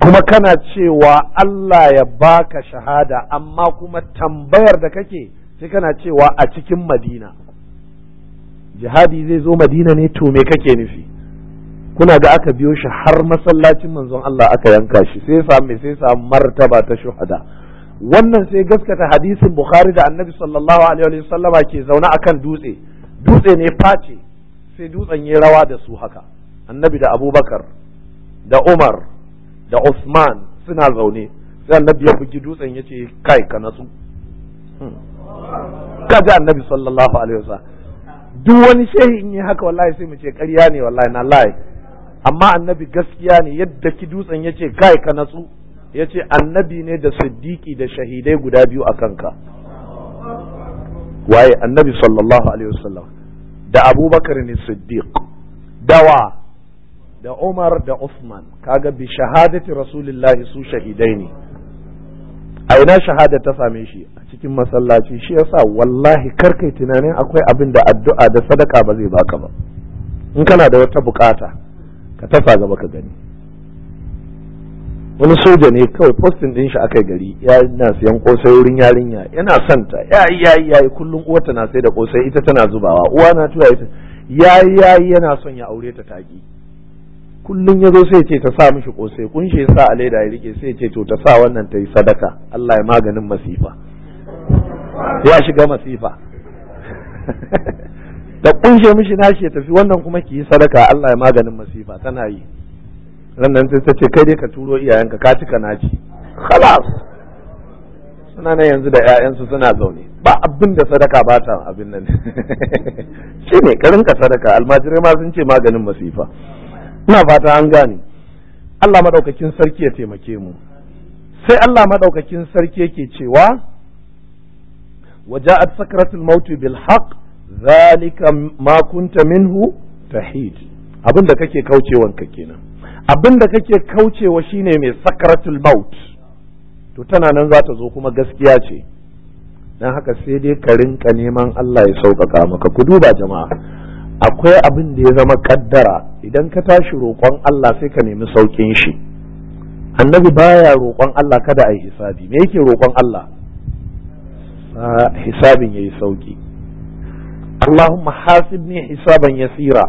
kuma kana cewa Allah ya baka shahada amma kuma tambayar da kake sai kana cewa a cikin madina jihadi zai zo madina ne to me kake nufi kuna ga aka biyo shi har masallacin manzon Allah aka yanka shi sai ya sai ya samu martaba ta shuhada wannan sai gaskata hadisin bukhari da annabi sallallahu alaihi wasallama ke zaune akan dutse dutse ne face sai dutsen ya rawa da su haka annabi da abubakar da umar da usman suna zaune sai annabi ya bugi dutsen ya ce kai ka natsu hmm. kaji annabi sallallahu alaihi duk wani shehi in yi haka wallahi sai mu ce ƙarya ne wallahi na lai amma annabi gaskiya ne yadda ki dutsen ya ce kai ka natsu ya ce annabi ne da siddiƙi da shahidai guda biyu a kanka waye annabi sallallahu alaihi wasallam da abubakar ne siddiq dawa da umar da usman kaga bi shahadati rasulillahi su shahidai ne a ina shahada ta same shi a cikin masallaci shi yasa wallahi karkai tunanin akwai abin da addu'a da sadaka ba zai baka ba in kana da wata bukata ka tafa gaba ka gani wani soja ne kawai postin din shi aka gari ya na siyan kosai wurin yarinya yana son ta ya yi ya yi ya yi kullum uwarta na sai da kosai ita tana zubawa uwa na tura ita ya yi ya yi yana son ya aure ta taki kullum ya zo sai ce ta sa mishi kosai kunshe ya sa a leda ya rike sai ce to ta sa wannan ta yi sadaka Allah ya maganin masifa ya shiga masifa da kunshe mishi nashi ya tafi wannan kuma ki yi sadaka Allah ya maganin masifa tana yi sannan sai ta ce kai dai ka turo iyayenka ka ci naci khalas suna nan yanzu da ƴaƴansu suna zaune ba abin da sadaka ba ta abin nan shi ne karinka sadaka almajirai ma sun ce maganin masifa ina fata an gane Allah madaukakin sarki ya taimake mu sai Allah madaukakin sarki yake cewa وجاءت سكرة الموت bil zalika zalika كنت minhu تحيد abin da kake kaucewanka kenan abin da kake kaucewa shine mai sakaratul maut to tana nan za ta zo kuma gaskiya ce don haka sai dai ka rinka neman Allah ya sauƙaƙa maka ku duba jama'a akwai abin da ya zama kaddara idan ka tashi roƙon Allah sai ka nemi sauƙin shi annabi baya roƙon Allah kada a yi hisabi me yake roƙon Allah hisabin yayi sauƙi Allahumma hasibni hisaban yasira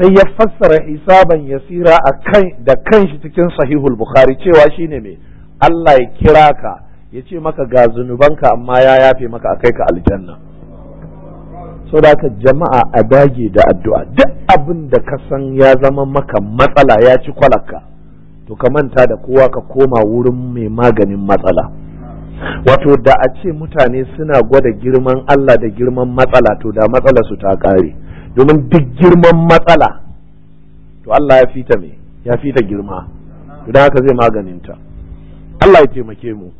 sai ya fassara hisaban yasira kan da kanshi cikin sahihul bukhari cewa shine me Allah ya kira ka ya ce maka ga zunubanka amma ya yafe maka a kai ka aljanna so da ka jama'a a dage da addu'a duk abin da ka san ya zama maka matsala ya ci kwalaka to ka manta da kowa ka koma wurin mai maganin matsala wato da a ce mutane suna gwada girman Allah da girman matsala to da matsala su ta kare domin duk girman matsala to Allah ya fita me ya fita girma idan haka zai maganinta Allah ya taimake mu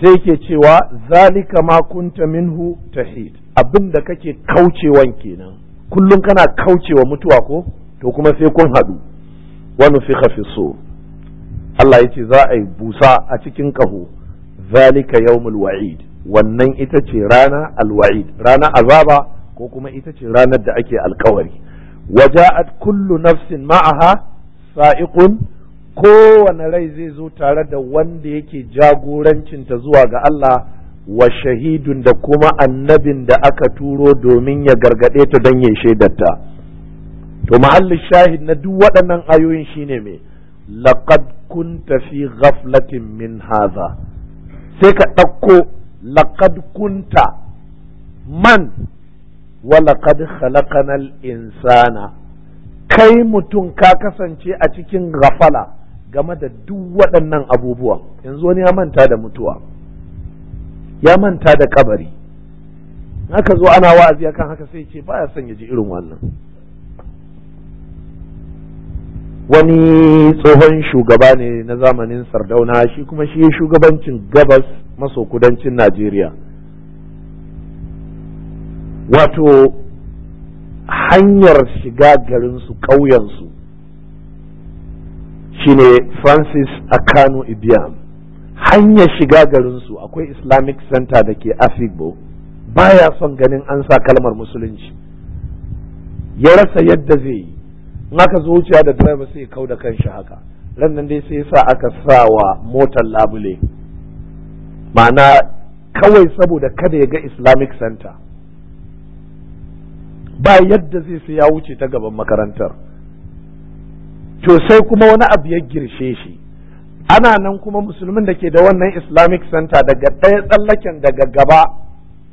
sai ke cewa zalika ma kunta minhu tahid abinda kake kaucewan kenan kullum kana kaucewa mutuwa ko to kuma sai kun haɗu wani fi so Allah ya ce za a yi busa a cikin ƙaho zalika yawmul wa'id wannan ita ce rana alwa'id rana azaba ko kuma ita ce ranar da ake alkawari waja'at kullu nafsin ma'aha sa'iqun kowane rai zai zo tare da wanda yake jagorancin ta zuwa ga Allah wa shahidun da kuma annabin da aka turo domin ya gargade ta don ya shaidarta to ma'allin shahid na duk waɗannan ayoyin shine mai laqad kunta fi ghaflatin min haza sai ka ɗauko laqad kunta man walaƙad khalaqanal insana kai mutum ka kasance a cikin gafala game da duk waɗannan abubuwan yanzu wani ya manta da mutuwa ya manta da kabari haka zo ana wa'azi akan haka sai ce baya son ya ji irin wannan wani tsohon shugaba ne na zamanin sardauna shi kuma shi shugabancin gabas maso kudancin najeriya wato hanyar shiga garinsu ƙauyensu shine francis akano ibiam hanyar shiga garinsu akwai islamic center da ke afigbo baya son ganin an sa kalmar musulunci ya rasa yadda zai yi in aka zo wuciya da driver sai kau da kanshi haka rannan dai sai sa aka sa wa motar labule ma'ana kawai saboda kada ya ga islamic center ba yadda zai sai ya wuce ta gaban makarantar to sai kuma wani abu ya girshe shi ana nan kuma musulmin da ke da wannan islamic center daga ɗaya tsallaken daga gaba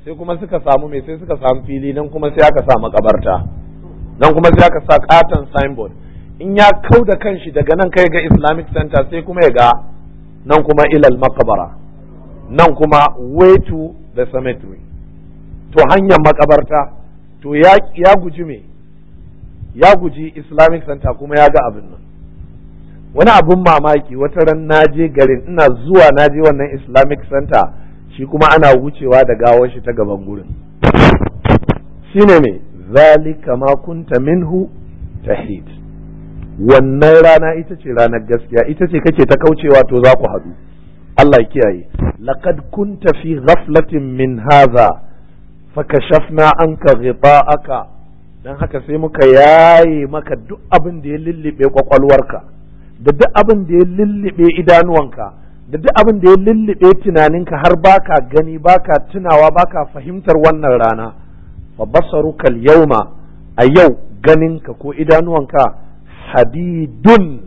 sai kuma suka samu mai sai suka samu fili nan kuma sai aka sa makabarta nan kuma sai aka sa katon signboard in ya kau da kanshi daga nan kai ga islamic center sai kuma ya ga nan kuma ilal makabara nan kuma way to the cemetery to hanyar makabarta to ya guji me ya guji islamic center kuma ya ga abin nan wani abin mamaki wata ran na je garin ina zuwa na je wannan islamic center shi kuma ana wucewa da gawar shi ta gaban gurin shine me zalika ma kunta minhu tahid wannan rana ita ce ranar gaskiya ita ce kake ta kaucewa to za ku haɗu Allah ya kiyaye laqad kunta fi ghaflatin min hadha fakashafna anka ghita'aka dan haka sai muka yaye maka duk abin da ya lullube kwakwalwarka da duk abin da ya lullube idanuwanka da duk abin da ya lullube tunaninka har baka gani baka tunawa baka fahimtar wannan rana fa basaruka al a yau ganinka ko idanuwanka hadidun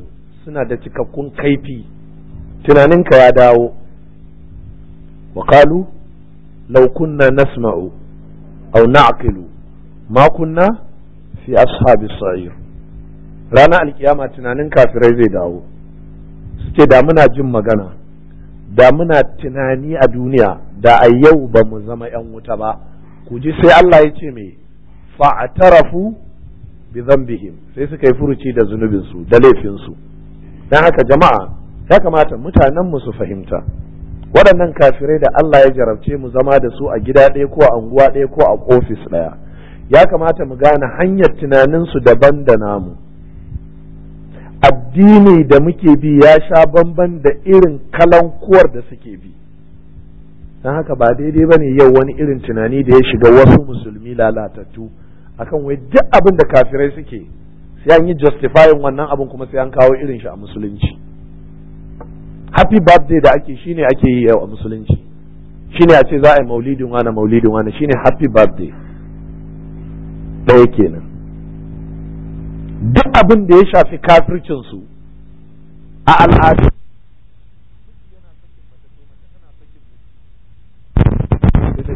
suna da cikakkun kaifi tunaninka ya dawo wa qalu law kunna nasma'u au na'qilu ma kunna fi ashabi sa'ir ranar alkiyama tunanin kafirai zai dawo suke da muna jin magana da muna tunani a duniya da a yau ba mu zama yan wuta ba ku ji sai Allah ya ce me fa'tarafu bi dhanbihim sai suka yi furuci da zunubinsu da laifinsu dan aka jama'a ya kamata mutanen mu su fahimta waɗannan kafirai da Allah ya jarabce mu zama da su a gida ɗaya ko a anguwa ɗaya ko a ofis ɗaya ya kamata mu gane hanyar tunaninsu daban da namu addini da muke bi ya sha bamban da irin kalankuwar da suke bi don haka ba daidai ba ne yau wani irin tunani da ya shiga wasu musulmi lalatattu akan wai duk abin da kafirai suke sai an yi justifying wannan abin kuma sai an kawo irin shi a musulunci happy birthday da ake shine ake yi yau a musulunci shine a ce za a yi maulidin wani maulidin wani shine happy birthday ɗaya kenan duk abin da ya shafi kafircinsu a al'adu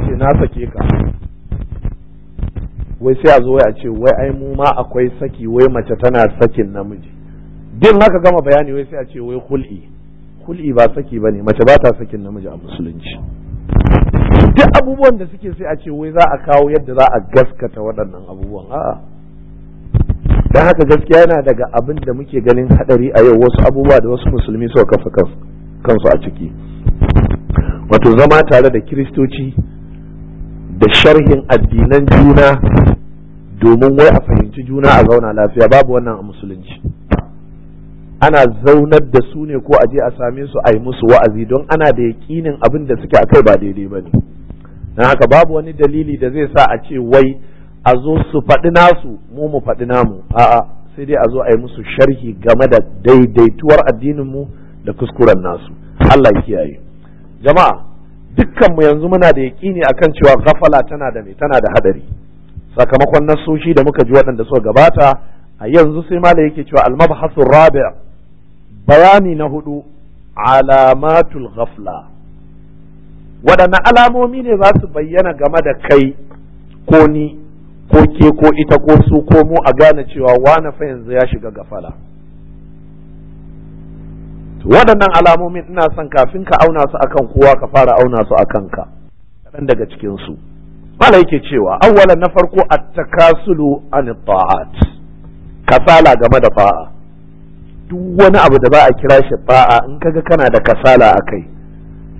ce na sake ka wai sai a zo wai a ce wai ai mu ma akwai saki wai mace tana sakin namiji din haka gama bayani wai sai a ce wai hul'i kul'i ba saki ba ne mace ba ta sakin namiji a musulunci duk abubuwan da suke sai a ce wai za a kawo yadda za a gaskata waɗannan abubuwan a'a don haka gaskiya yana daga abin da muke ganin haɗari a yau wasu abubuwa da wasu musulmi suka kafa kansu a ciki wato zama tare da kiristoci da sharhin addinan juna domin wai a fahimci juna a zauna lafiya babu wannan a musulunci ana zaunar da su ne ko a je a same su a yi musu wa'azi don ana da yaƙinin abin da suke akai ba daidai ba ne don haka babu wani dalili da zai sa a ce wai a zo su faɗi nasu mu mu faɗi namu a'a sai dai a zo a yi musu sharhi game da daidaituwar addinin mu da kuskuren nasu Allah kiyaye jama'a dukkan mu yanzu muna da yaƙini akan cewa gafala tana da me tana da hadari sakamakon nasoshi da muka ji waɗanda suka gabata a yanzu sai malam yake cewa al-mabhasu rabi' bayani na hudu alamatul ghafla waɗanne alamomi ne za su bayyana game da kai ko ni ko ke ko ita ko su ko mu a gane cewa wane fa yanzu ya shiga gafala waɗannan alamomin ina son kafin ka auna su akan kowa ka fara auna su akan ka kaɗan daga cikin su mala yake cewa awwalan na farko at takasulu an ta'at kasala game da fa'a duk wani abu da ba a kira shi ba'a in kaga kana da kasala a kai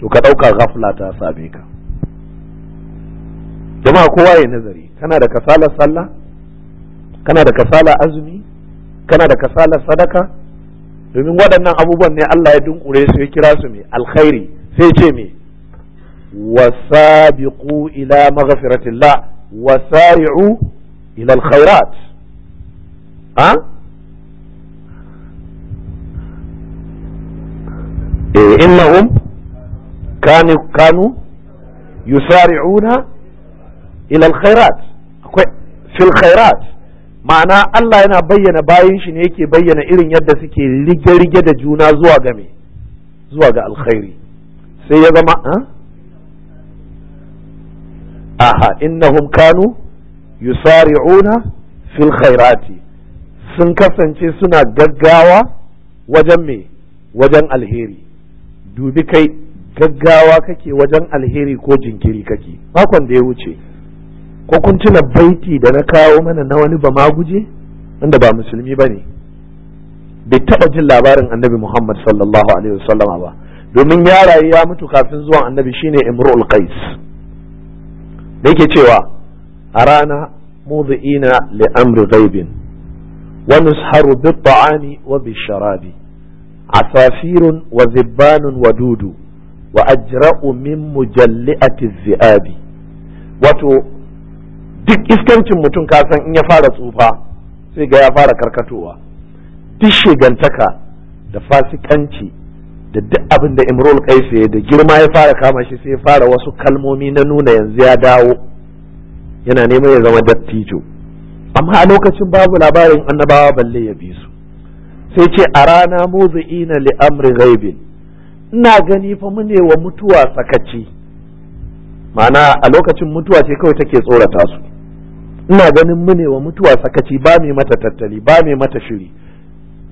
to ka ɗauka gafla ta same ka jama'a kowa ya nazari kana da kasalar sallah kana da kasalar azumi kana da kasalar sadaka domin waɗannan abubuwan ne Allah ya dunkure su ya kira su mai alkhairi sai ce mai wasabiqu ila maghfiratillah wasari'u ila alkhairat eh innahum kanu kanu yusari'una ila alkhairat akwai fil khairat ma'ana Allah yana bayyana bayin shi ne yake bayyana irin yadda suke rige-rige da juna zuwa ga zuwa ga alkhairi sai ya zama aha innahum kanu yusari'una fil khairati sun kasance suna gaggawa wajen me wajen alheri dubi kai gaggawa kake wajen alheri ko jinkiri kake makon da ya wuce ko kun tuna baiti da na kawo mana na wani ba maguje wanda ba musulmi ba ne bai taɓa jin labarin annabi muhammad sallallahu alaihi wasallama ba domin ya rayu ya mutu kafin zuwan annabi shine imrul qais da yake cewa a rana mudhi'ina li amri ghaibin wa nusharu bi ta'ami wa bisharabi asafirun wa zibbanun wa dudu wa ajra'u min wato duk iskancin mutum ka san in ya fara tsufa sai ga ya fara karkatowa duk shigantaka da fasikanci da duk abin da imrul kaisa ya da girma ya fara kama shi sai ya fara wasu kalmomi na nuna yanzu ya dawo yana neman ya zama dattijo amma a lokacin babu labarin annabawa balle ya bi su sai ce a rana muzi'ina li amri ghaibin ina gani fa mu wa mutuwa sakaci ma'ana a lokacin mutuwa ce kawai take tsorata su ina ganin mu wa mutuwa sakaci ba mai mata tattali ba mai mata shiri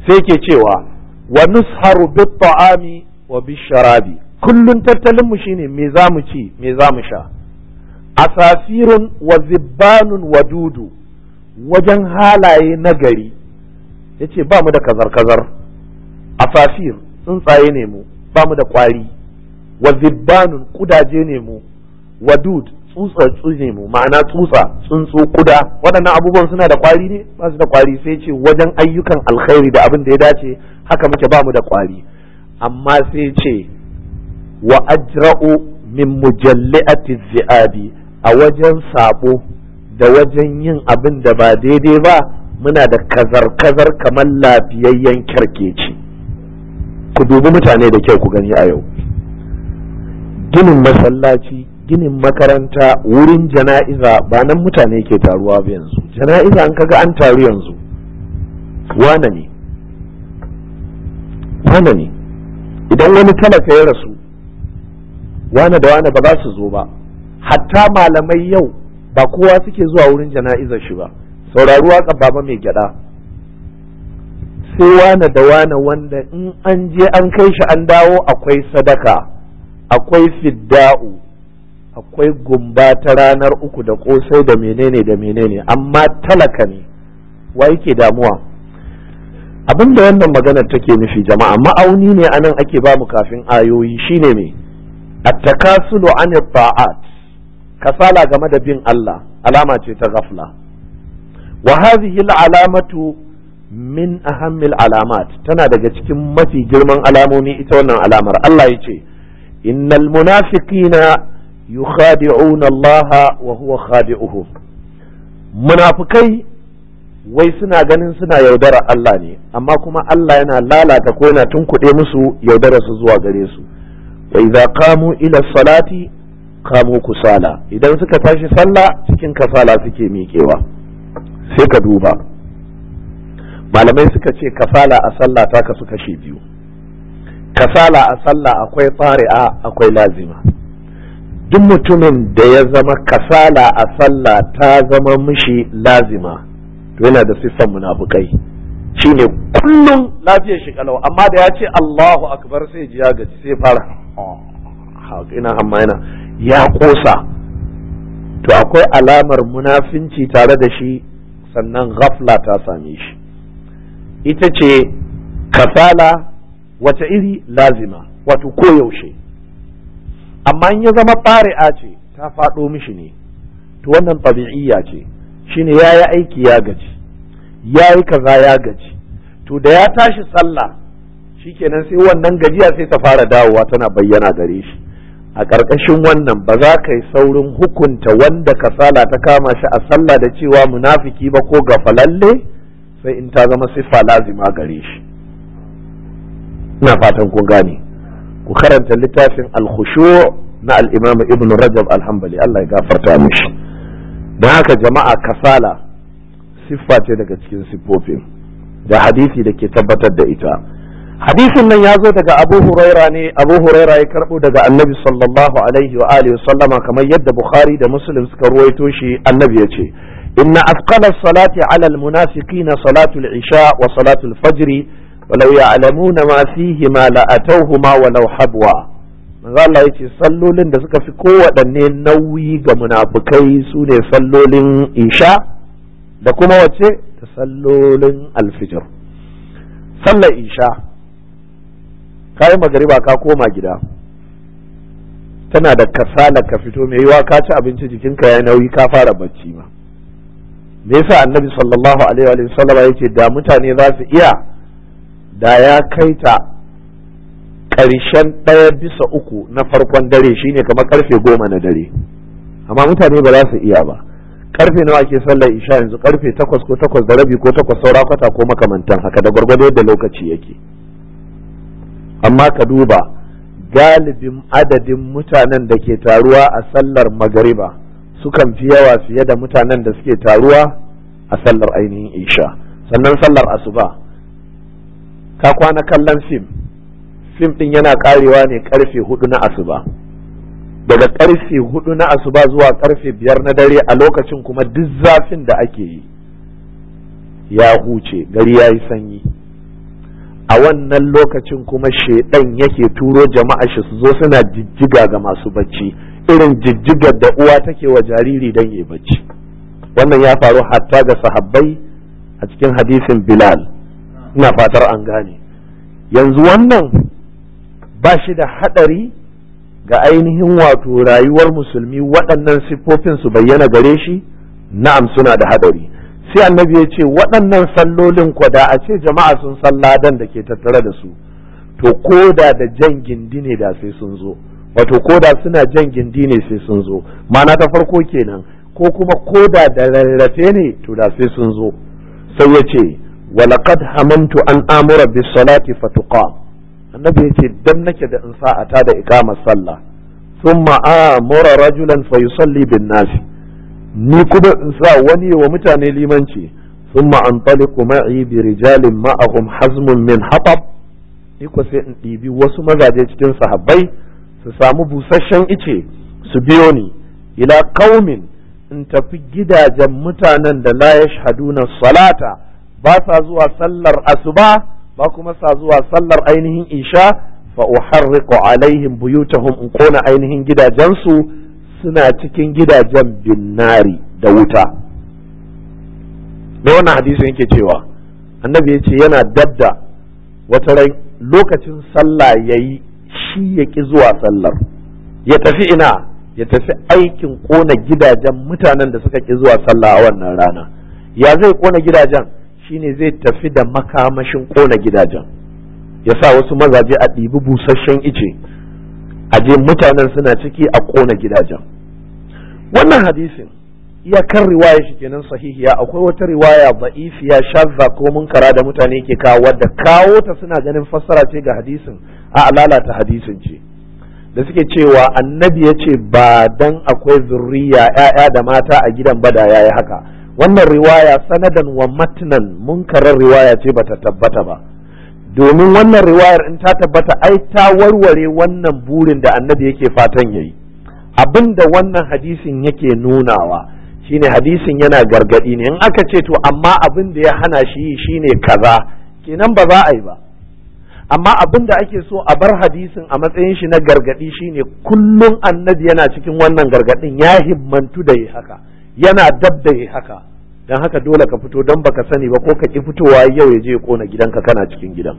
sai ke cewa wa nusharu bit ta'ami wa bi sharabi kullun tattalin mu shine me za mu ci me za mu sha asasirun wa zibbanun wadudu wajen halaye nagari. yace ce ba mu da kazar-kazar asafir tsuntsaye ne mu ba mu da kwari wa zibbanun kudaje ne mu wa dud tsutsa tsuje mu ma'ana tsutsa tsuntsu kuda waɗannan abubuwan suna da kwari ne ba su da kwari sai ce wajen ayyukan alkhairi da abin da ya dace haka muke ba mu da kwari amma sai ce wa ajra'u min mujalli'ati zi'abi a wajen sabo da wajen yin abin da ba daidai ba muna da kazar-kazar kamar lafiyayyen kyarkeci ku dubi mutane da kyau ku gani a yau ginin masallaci ginin makaranta wurin jana'iza ba nan mutane ke taruwa ba yanzu jana'iza an kaga an taru yanzu wane ne wane ne idan wani talaka ya rasu wane da wane ba za su zo ba hatta malamai yau ba kowa suke zuwa wurin jana'izar shi ba saurari waƙar mai gyada sai wane da wane wanda in an je an kai shi an dawo akwai sadaka akwai fidda'u akwai gumba ta ranar uku da kosai da menene da menene amma talaka ne wa yake damuwa abin da wannan maganar take nufi jama'a ma'auni ne anan ake ba mu kafin ayoyi shine me at-takasulu an ta'at kasala game da bin Allah alama ce ta gafla wa hadhihi alamatu min ahammil alamat tana daga cikin mafi girman alamomi ita wannan alamar Allah ya ce innal munafiqina yukhadi'una Allah wa huwa khadi'uhum munafikai wai suna ganin suna yaudara Allah ne amma kuma Allah yana lalata ko tun kuɗe musu yaudara su zuwa gare su wa idza qamu ila salati qamu kusala idan suka tashi sallah cikin kasala suke miƙewa sai ka duba malamai suka ce kasala a sallah ta kasu kashe biyu kasala a sallah akwai tsari'a akwai lazima duk mutumin da ya zama kasala a sallah ta zama mishi lazima to yana da siffan munafukai shine kullum lafiyar shi kalau amma da ya ce Allahu akbar sai ji ya gaji sai fara ah, ina amma yana ya kosa to akwai alamar munafinci tare da shi sannan ghafla ta same shi ita ce kasala wata iri lazima wato koyaushe amma in ya zama fari'a ce ta faɗo mishi ne to wannan tabi'iyya ce shine ya yi aiki ya gaji ya yi kaza ya gaji to da ya tashi sallah shikenan sai wannan gajiya sai ta fara dawowa tana bayyana gare shi a ƙarƙashin wannan ba za ka yi saurin hukunta wanda kasala ta kama shi a sallah da cewa munafiki ba ko gafalalle sai in ta zama siffa lazima gare shi ina fatan kun gane ku karanta littafin al na al-imam ibn rajab al-hanbali Allah ya gafarta mishi don haka jama'a kasala siffa ce daga cikin siffofin da hadisi da ke tabbatar da ita hadisin nan ya zo daga abu huraira ne abu huraira ya karbo daga annabi sallallahu alaihi wa alihi sallama kamar yadda bukhari da muslim suka ruwaito shi annabi yace ce inna afqala salati ala almunafiqina salatu al-isha wa salatu al-fajr walau ya'lamuna ma fihi ma la atawhuma walau habwa manzo Allah yace sallolin da suka fi kowaɗanne nauyi ga munafikai sune sallolin isha da kuma wace da sallolin alfijir sallar isha kayan magariba ka koma gida tana da kasala ka fito mai yiwa ka ci abinci jikinka ya nauyi ka fara bacci ma me yasa annabi sallallahu alaihi wa sallama yace da mutane za su iya da ya kai ta karshen ɗaya bisa uku na farkon dare shine kamar karfe goma na dare amma mutane ba za su iya ba karfe nawa ake sallar isha yanzu karfe takwas ko takwas da rabi ko takwas saura kwata ko makamantan haka da gwargwado da lokaci yake amma ka duba galibin adadin mutanen da ke taruwa a sallar magariba sukan fi yawa fiye da mutanen da suke taruwa a sallar ainihin isha sannan sallar asuba ka kwana kallon fim fim din yana karewa ne karfe hudu na asuba daga karfe hudu na asuba zuwa karfe biyar na dare a lokacin kuma duk zafin da ake yi ya huce gari ya yi sanyi a wannan lokacin kuma shedan yake turo jama'a shi su zo suna jijjiga ga masu bacci irin jijjigar da uwa take wa jariri dan ya bacci wannan ya faru hatta ga sahabbai a cikin hadisin bilal ina fatar an gane yanzu wannan ba shi da hadari ga ainihin wato rayuwar musulmi waɗannan siffofin su bayyana gare shi na'am suna da hadari sai annabi ya ce waɗannan sallolin ko da a ce jama'a sun san ladan da ke tattare da su to ko da da jan gindi ne da sai sun zo wato ko da suna jan gindi ne sai sun zo ma'ana ta farko kenan ko kuma ko da da rarrafe ne to da sai sun zo sai ya ce walaqad hamantu an amura bis salati fatuqam annabi ya ce dan nake da in sa'ata da iqamar sallah thumma amura rajulan fa yusalli bin nasi ni kuma in sa wani wa mutane limanci sun antaliqu ma'i bi rijalin ma'ahum hazmun min hatab ni sai in ɗibi wasu mazaje cikin sahabbai su samu busasshen ice su biyo ni ila kaumin in tafi gidajen mutanen da la yashhaduna salata ba sa zuwa sallar asuba ba kuma sa zuwa sallar ainihin isha fa uharriqu alaihim buyutahum in kona ainihin gidajensu suna cikin gidajen binnari da wuta da wannan hadisin yake cewa annabi ya ce yana dabda wata rai lokacin sallah ya yi shi ya ki zuwa sallar ya tafi ina ya tafi aikin ƙona gidajen mutanen da suka ki zuwa sallah a wannan rana ya zai ƙona gidajen shine zai tafi da makamashin ƙona gidajen ya sa wasu mazaje a ɗibi busasshen ice a je mutanen suna ciki a ƙona gidajen wannan hadisin kan riwaya shi kenan sahihiya akwai wata riwaya ba'ifiya shazza ko munkara da mutane ke kawo wadda kawo ta suna ganin fassara ce ga hadisin a lalata hadisin ce da suke cewa annabi ya ce ba dan akwai zurriya ya'ya da mata a gidan bada yi haka wannan riwaya sanadan wa matnan munkarar riwaya ce bata tabbata ba domin wannan riwayar in ta tabbata ai ta warware wannan burin da annabi yake fatan yayi abin da wannan hadisin yake nunawa shine hadisin yana gargaɗi ne in aka ce to amma abin da ya hana shi shine kaza kenan ba za a yi ba amma abin da ake so a bar hadisin a matsayin shi na gargadi shine kullum annabi yana cikin wannan gargaɗin. ya himmantu da yi haka yana dab da yi haka don haka dole ka fito don baka sani ba ko ka ki fitowa yau ya je kona gidanka kana cikin gidan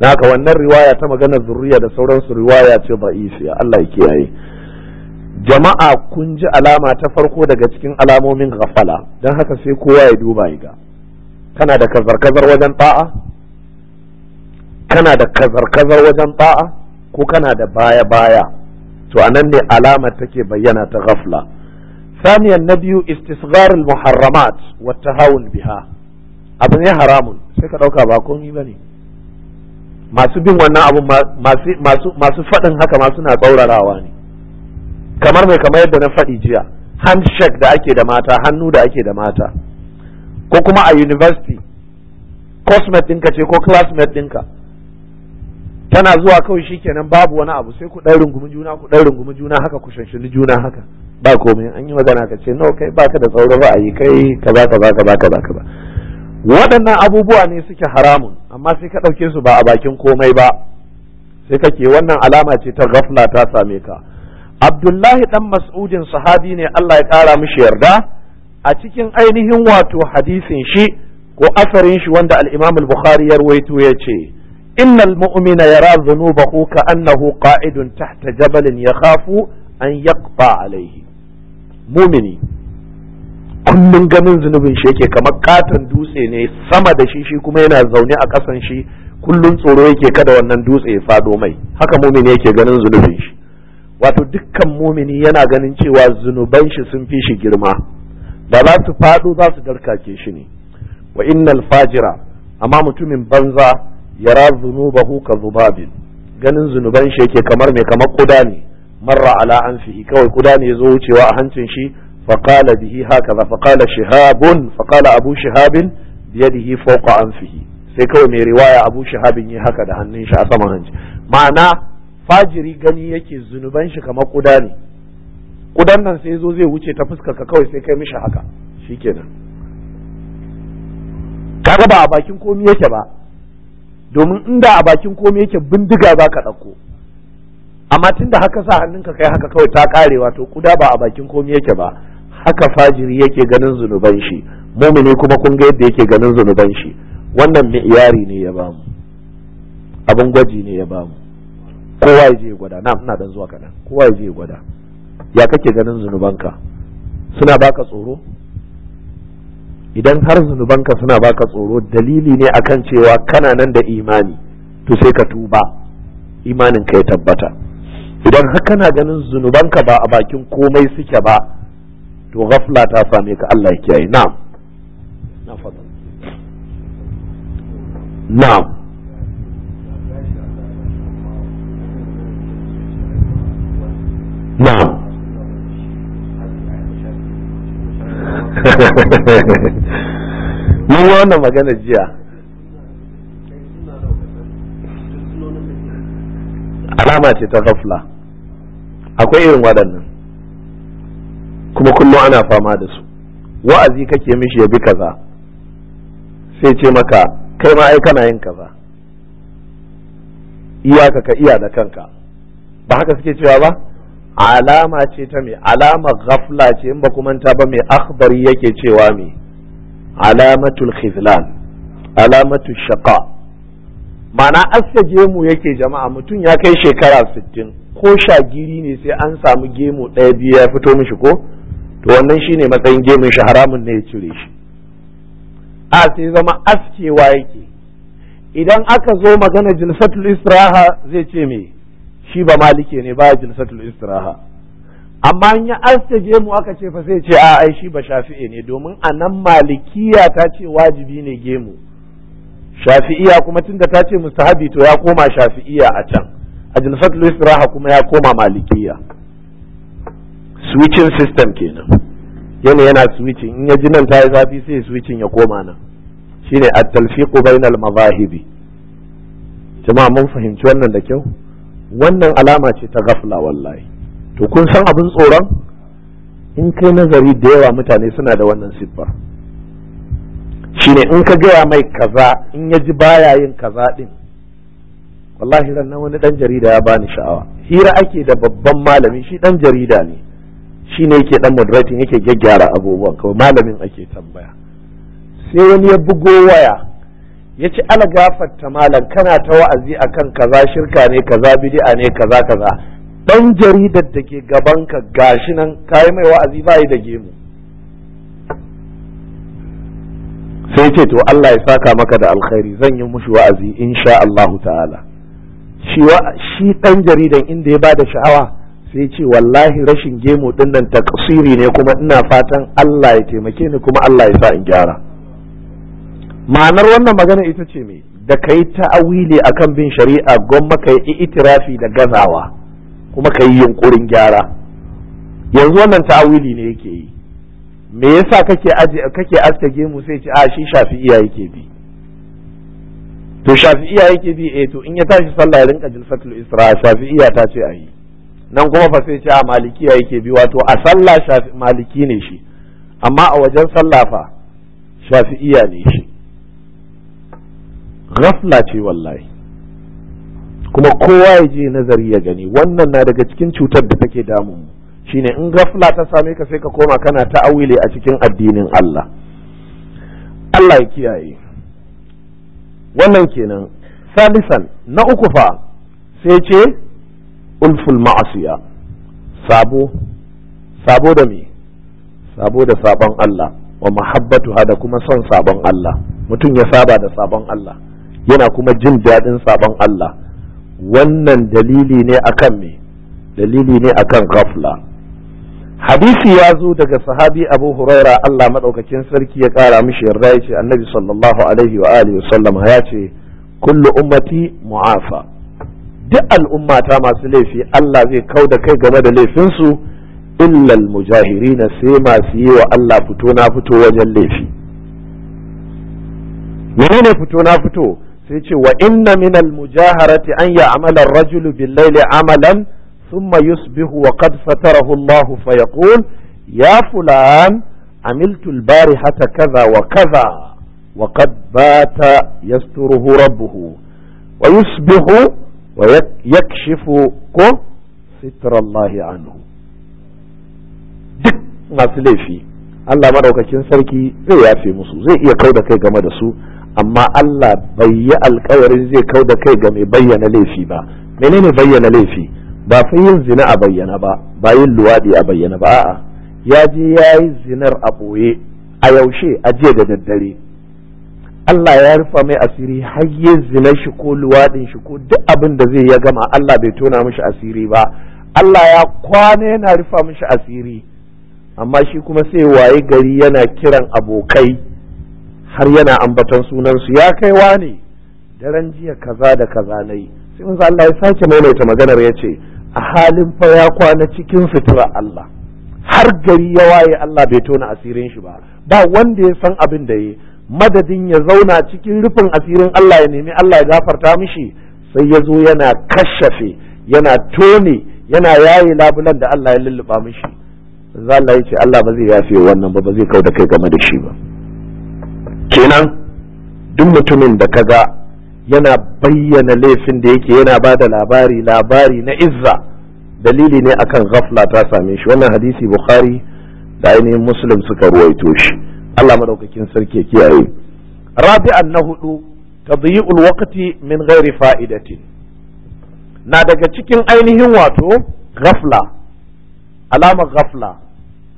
haka wannan riwaya ta maganar zurriya da sauransu riwaya ce ba Allah ya kiyaye jama'a kun ji alama ta farko daga cikin alamomin gafala don haka sai kowa ya duba ya ga kana da kazar-kazar wajen ta'a kana da kazar-kazar wajen ta'a ko kana da baya-baya to anan ne alama take bayyana ta ghafla saniyan na biyu istisghar muharramat wa tahawun biha abu ne haramun sai ka dauka ba komi bane masu bin wannan abu masu masu faɗin haka ma suna tsaurarawa ne kamar mai kamar yadda na faɗi jiya handshake da ake da mata hannu da ake da mata ko kuma a university cosmet ɗinka ce ko classmate ɗinka tana zuwa kawai shikenan babu wani abu sai ku ɗan rungumi juna ku ɗan rungumi juna haka ku shanshini juna haka ba komai an yi magana ka ce nawa kai baka da tsaurin ra'ayi kai kaza kaza kaza kaza kaza waɗannan abubuwa ne suke haramun amma sai ka ɗauke su ba a bakin komai ba sai kake wannan alama ce ta gafla ta same ka abdullahi ɗan mas'udin sahabi ne Allah ya ƙara mishi yarda a cikin ainihin wato hadisin shi ko asarin shi wanda al al-bukhari ya ya ce innan mu'mina yara dhunubahu annahu, ƙa'idun tahta jabalin yakhafu an yaqta alaihi. mumini kullum ganin zunubin shi yake kamar katon dutse ne sama da shi shi kuma yana zaune a ƙasan shi kullum tsoro yake kada wannan dutse ya fado mai haka mumini yake ganin zunubin shi wato dukkan mumini yana ganin cewa zunuban shi sun fi shi girma da za su faɗo za su darkake shi ne wa innal fajira amma mutumin banza yara zunubahu ka zubabin ganin zunuban shi yake kamar mai kamar kuda ne marra ala anfihi kawai kuda ne zo wucewa a hancin shi faqala bihi hakaza faqala shihabun faqala abu shihabin biyadihi fawqa anfihi sai kawai mai riwaya abu shahabin yi haka da hannun shi a saman hanci ma'ana fajiri gani yake zunuban shi kamar kuda ne kudan nan sai zo zai wuce ta fuskar ka kawai sai kai mishi haka shikenan kaga ba a bakin komi yake ba domin inda a bakin komi yake bindiga za ka ɗauko amma tunda haka sa hannunka kai haka kawai ta karewa to kuda ba a bakin komi yake ba haka fajiri yake ganin zunuban shi mumini kuma kunga ga yadda yake ganin zunuban shi wannan mi'yari ne ya bamu abin gwaji ne ya bamu kowa ya je gwada na ina dan zuwa kaɗan kowa ya je gwada ya kake ganin zunubanka suna baka tsoro idan har zunubanka suna baka tsoro dalili ne akan cewa kana nan da imani to sai ka tuba imanin ka ya tabbata idan har kana ganin zunubanka ba a bakin komai suke ba to ghafla ta same ka Allah ya kiyaye na'am na fadal na'am na'am mun yi magana jiya alama ce ta gafla akwai irin waɗannan kuma kullum ana fama da su wa'azi kake mishi ya bi kaza sai ce maka kai ma ai kana yin kaza iyaka ka iya da kanka ba haka suke cewa ba alama ce ta mai alama ghafla ce in ba kuma ta ba mai akhbari yake cewa me alamatul khizlan alamatul shaqa ma'ana aske gemu yake jama'a mutum ya kai shekara sittin ko shagiri ne sai an samu gemu ɗaya biyu ya fito mishi ko to wannan shine matsayin gemun shi haramun ne ya cire shi a sai zama askewa yake idan aka zo magana jilsatul israha zai ce me shi ba malike ne ba jilsatul istiraha amma in ya arsage mu aka ce fa sai ce a ai shi ba shafi'i ne domin a nan malikiya ta ce wajibi ne gemu shafi'iya kuma tunda ta ce mustahabi to ya koma shafi'iya a can a jilfatul istiraha kuma ya koma malikiya switching system kenan yana yana switching in ya ji nan tayi zafi sai switching ya koma nan shine at-talfiqu bainal mazahibi jama'a mun fahimci wannan da kyau wannan alama ce ta gafla wallahi to kun san abin tsoron in kai nazari da yawa mutane suna da wannan siffar shine in ka gaya mai kaza in ya ji baya yin kaza din wallahi ran nan wani dan jarida ya bani sha'awa hira ake da babban malami shi dan jarida ne shi ne yake dan moderating yake gyaggyara abubuwan kawai malamin ake tambaya sai wani ya bugo waya ya ci ala gafarta malam kana ta wa'azi a akan kaza shirka ne kaza bidi'a ne kaza kaza dan jaridar da ke gaban gabanka gashi nan kayi mai wa'azi bayi da gemu sai ce to Allah ya saka maka da alkhairi zan yi mushi wa'azi insha Allahu ta'ala shi ɗan dan jaridan inda ya bada sha'awa sai ce wallahi rashin gemu ɗin nan taksiri ne kuma ina fatan Allah ya taimake ni kuma Allah ya sa in gyara ma'anar wannan magana ita ce me da yi ta'awili a kan bin shari'a gwamma ka yi itirafi da gazawa kuma ka yi yunkurin gyara yanzu wannan ta'awili ne yake yi me yasa kake aje kake aske mu sai ce a shi shafi'iya yake bi to shafi'iya yake bi eh to in ya tashi sallah ya rinka jilsatul isra shafi'iya ta ce ayi nan kuma fa sai ce a malikiya yake bi wato a sallah shafi maliki ne shi amma a wajen sallah fa shafi'iya ne shi ghafla ce wallahi kuma kowa ya je nazari ya gani wannan na daga cikin cutar da take damun shine in rafla ta same ka sai ka koma kana ta'awile a cikin addinin Allah Allah ya kiyaye wannan kenan salisan na uku fa sai ce ulful ma'asiya sabo sabo da me sabo da sabon Allah wa mahabbatu hada kuma son sabon Allah mutum ya saba da sabon Allah yana kuma jin daɗin sabon Allah wannan dalili ne akan me dalili ne akan kafula. hadisi ya zo daga sahabi abu huraira Allah maɗaukakin sarki ya kara mishi yarda ce annabi sallallahu alaihi wa alihi ya ce kullu ummati mu'afa duk al'ummata masu laifi Allah zai kau da kai game da laifinsu illa mujahirina sai masu yi wa Allah fito na fito wajen laifi menene fito na fito sai ce wa inna min mujaharati an ya amala rajulu billaili amalan thumma yusbihu wa qad satarahu Allah fa yaqul ya fulan amiltu al-barihata kaza wa kaza wa qad bata yasturuhu rabbuhu wa yusbihu wa yakshifu ko sitr Allah anhu duk masu laifi Allah maɗaukacin sarki zai yafe musu zai iya kau da kai game da su amma Allah bai yi alkawarin zai kau da kai ga mai bayyana laifi ba menene bayyana laifi ba fa yin zina a bayyana ba ba yin luwaɗi a bayyana ba a'a ya je ya yi zinar a ɓoye a yaushe a jiya da daddare Allah ya rufa mai asiri har ya zina shi ko luwaɗin shi ko duk abin da zai ya gama Allah bai tona mishi asiri ba Allah ya kwana yana rufa mishi asiri amma shi kuma sai waye gari yana kiran abokai har yana ambaton sunansu ya kai wane daren jiya kaza da kaza na yi sai manzo Allah ya sake maimaita maganar ya ce a halin fa ya kwana cikin sutura Allah har gari ya waye Allah bai tona asirin shi ba ba wanda ya san abin da ya madadin ya zauna cikin rufin asirin Allah ya nemi Allah ya gafarta mishi sai ya zo yana kashafe yana tone yana yaye labulan da Allah ya lulluɓa mishi Za Allah ya ce Allah ba zai yafe wannan ba ba zai kau da kai game da shi ba kenan duk mutumin da kaga yana bayyana laifin da yake yana ba da labari labari na izza dalili ne akan ghafla ta same shi wannan hadisi bukhari da ainihin muslim suka ruwaito shi Allah madaukakin sarki kiyaye rabi'an na hudu tadyi'ul waqti min ghairi fa'idatin na daga cikin ainihin wato ghafla alamar gafla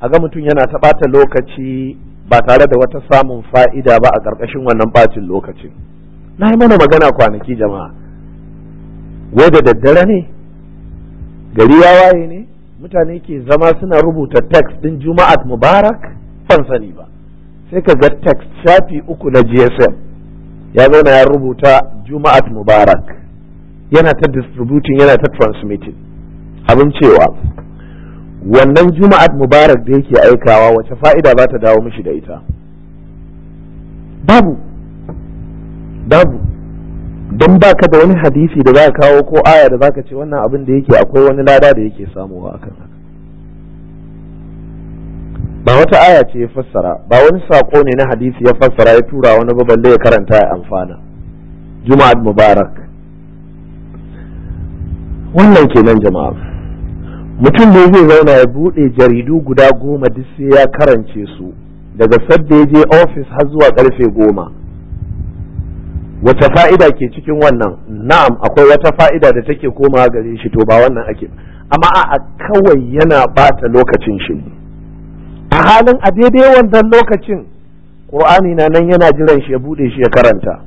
a ga mutum yana ta ɓata lokaci ba tare da wata samun fa'ida ba a ƙarƙashin wannan ɓacin lokacin na yi mana magana kwanaki jama'a wadda daddare ne gari ya waye ne mutane ke zama suna rubuta text ɗin juma'at mubarak ban sani ba sai ka ga text shafi uku na gsm ya zauna ya rubuta juma'at mubarak yana ta distributing yana ta transmitting abin cewa wannan juma'at mubarak da yake aikawa wace fa'ida za ta dawo mishi da ita babu babu don ba ka da wani hadisi da za ka kawo ko aya da za ka ce wannan abin da yake akwai wani lada da yake samuwa a haka ba wata aya ce ya fassara ba wani sako ne na hadisi ya fassara ya tura wani baballe ya karanta ya amfana juma'at mubarak wannan kenan jama'a mutum ne zai zauna ya buɗe jaridu guda goma duk sai ya karance su daga sadda ya je ofis har zuwa karfe goma Wata fa'ida ke cikin wannan na'am akwai wata fa'ida da take komawa gare shi to ba wannan ake amma a kawai yana bata lokacin shi a halin a daidai wannan lokacin ƙur'ani na nan yana jiran shi ya buɗe shi ya karanta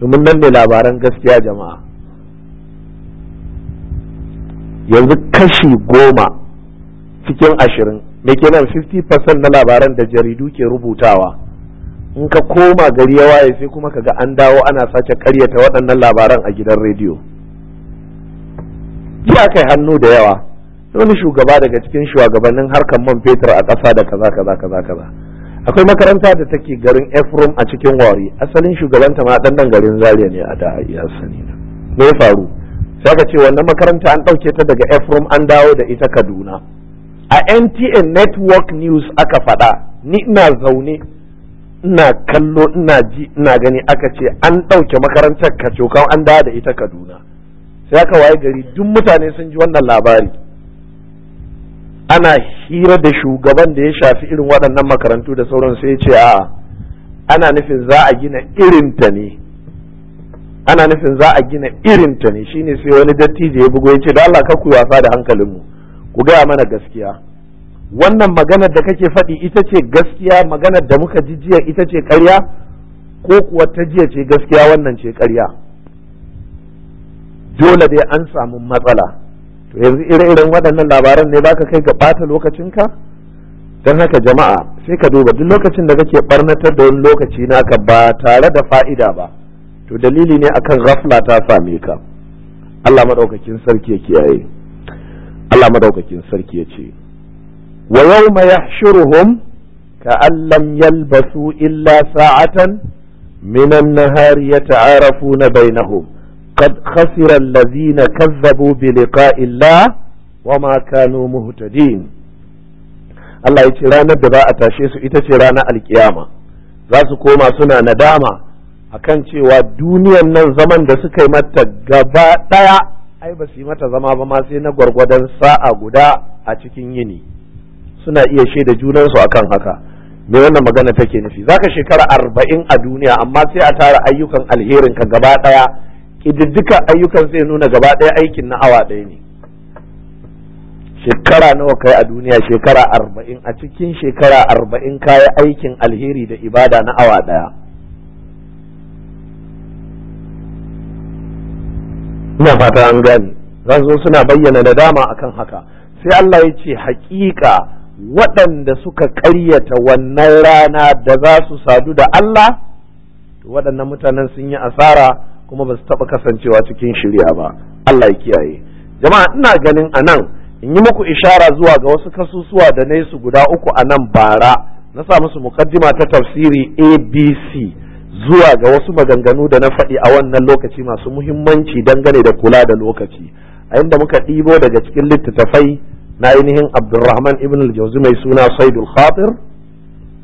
domin nan ne labaran gaskiya jama'a yanzu kashi goma cikin ashirin da ke nan 50% na labaran da jaridu ke rubutawa in ka koma gari ya waye sai kuma ga an dawo ana sake karyata waɗannan labaran a gidan rediyo ya kai hannu da yawa wani shugaba daga cikin shugabannin harkar man fetur a ƙasa da kaza kaza kaza kaza akwai makaranta da take garin efrom a cikin wari asalin shugabanta ma ɗan garin zaria ne a da ya sani ne faru sai ka ce wannan makaranta an ɗauke ta daga efrom an dawo da ita kaduna a ntn network news aka faɗa ni ina zaune ina kallo ina ji ina gani aka ce an ɗauke makarantar kacokan an dawo da ita kaduna sai aka waye gari duk mutane sun ji wannan labari ana hira da shugaban da ya shafi irin waɗannan makarantu da sauran sai ce a ana nufin za a gina irin ta ne ana nufin za a gina irin ta ne shine sai wani dattijo ya bugo ya ce da Allah ka ku wasa da hankalinmu ku gaya mana gaskiya wannan maganar da kake faɗi ita ce gaskiya maganar da muka ji jiya ita ce ƙarya ko kuwa ta jiya ce gaskiya wannan ce ƙarya dole dai an samu matsala to yanzu ire-iren waɗannan labaran ne baka kai ga ɓata lokacinka don haka jama'a sai ka duba duk lokacin da kake ɓarnatar da wani lokaci naka ba tare da fa'ida ba to dalili ne akan ghafla ta same ka Allah madaukakin sarki ya kiyaye Allah madaukakin sarki ya ce wa yawma yahshuruhum ka'an lam yalbasu illa sa'atan من na يتعارفون بينهم قد خسر الذين كذبوا بلقاء الله وما كانوا مهتدين Allah ya ce ranar da za a tashe su ita ce ranar alkiyama za su koma suna nadama akan cewa duniyan nan zaman da suka yi mata gaba ɗaya ai ba su yi mata zama ba ma sai na gwargwadon sa'a guda a cikin yini suna iya shaida junansu akan haka me wannan magana take nufi zaka shekara arba'in a duniya amma sai a tara ayyukan alherin ka gaba ɗaya ƙididdika ayyukan zai nuna gaba ɗaya aikin na awa ɗaya ne shekara nawa kai a duniya shekara arba'in a cikin shekara arba'in kayi aikin alheri da ibada na awa ɗaya ina fata an gane za zo suna bayyana da dama akan haka sai Allah ya ce haƙiƙa waɗanda suka ƙaryata wannan rana da za su sadu da Allah waɗannan mutanen sun yi asara kuma ba su taɓa kasancewa cikin shirya ba Allah ya kiyaye jama'a ina ganin a nan in yi muku ishara zuwa ga wasu kasusuwa da na su guda uku a nan bara na sa musu mukaddima ta tafsiri abc zuwa ga wasu maganganu da na faɗi a wannan lokaci masu muhimmanci dangane da kula da lokaci a inda muka ɗibo daga cikin littattafai na ainihin abdulrahman ibn al mai suna saidul khatir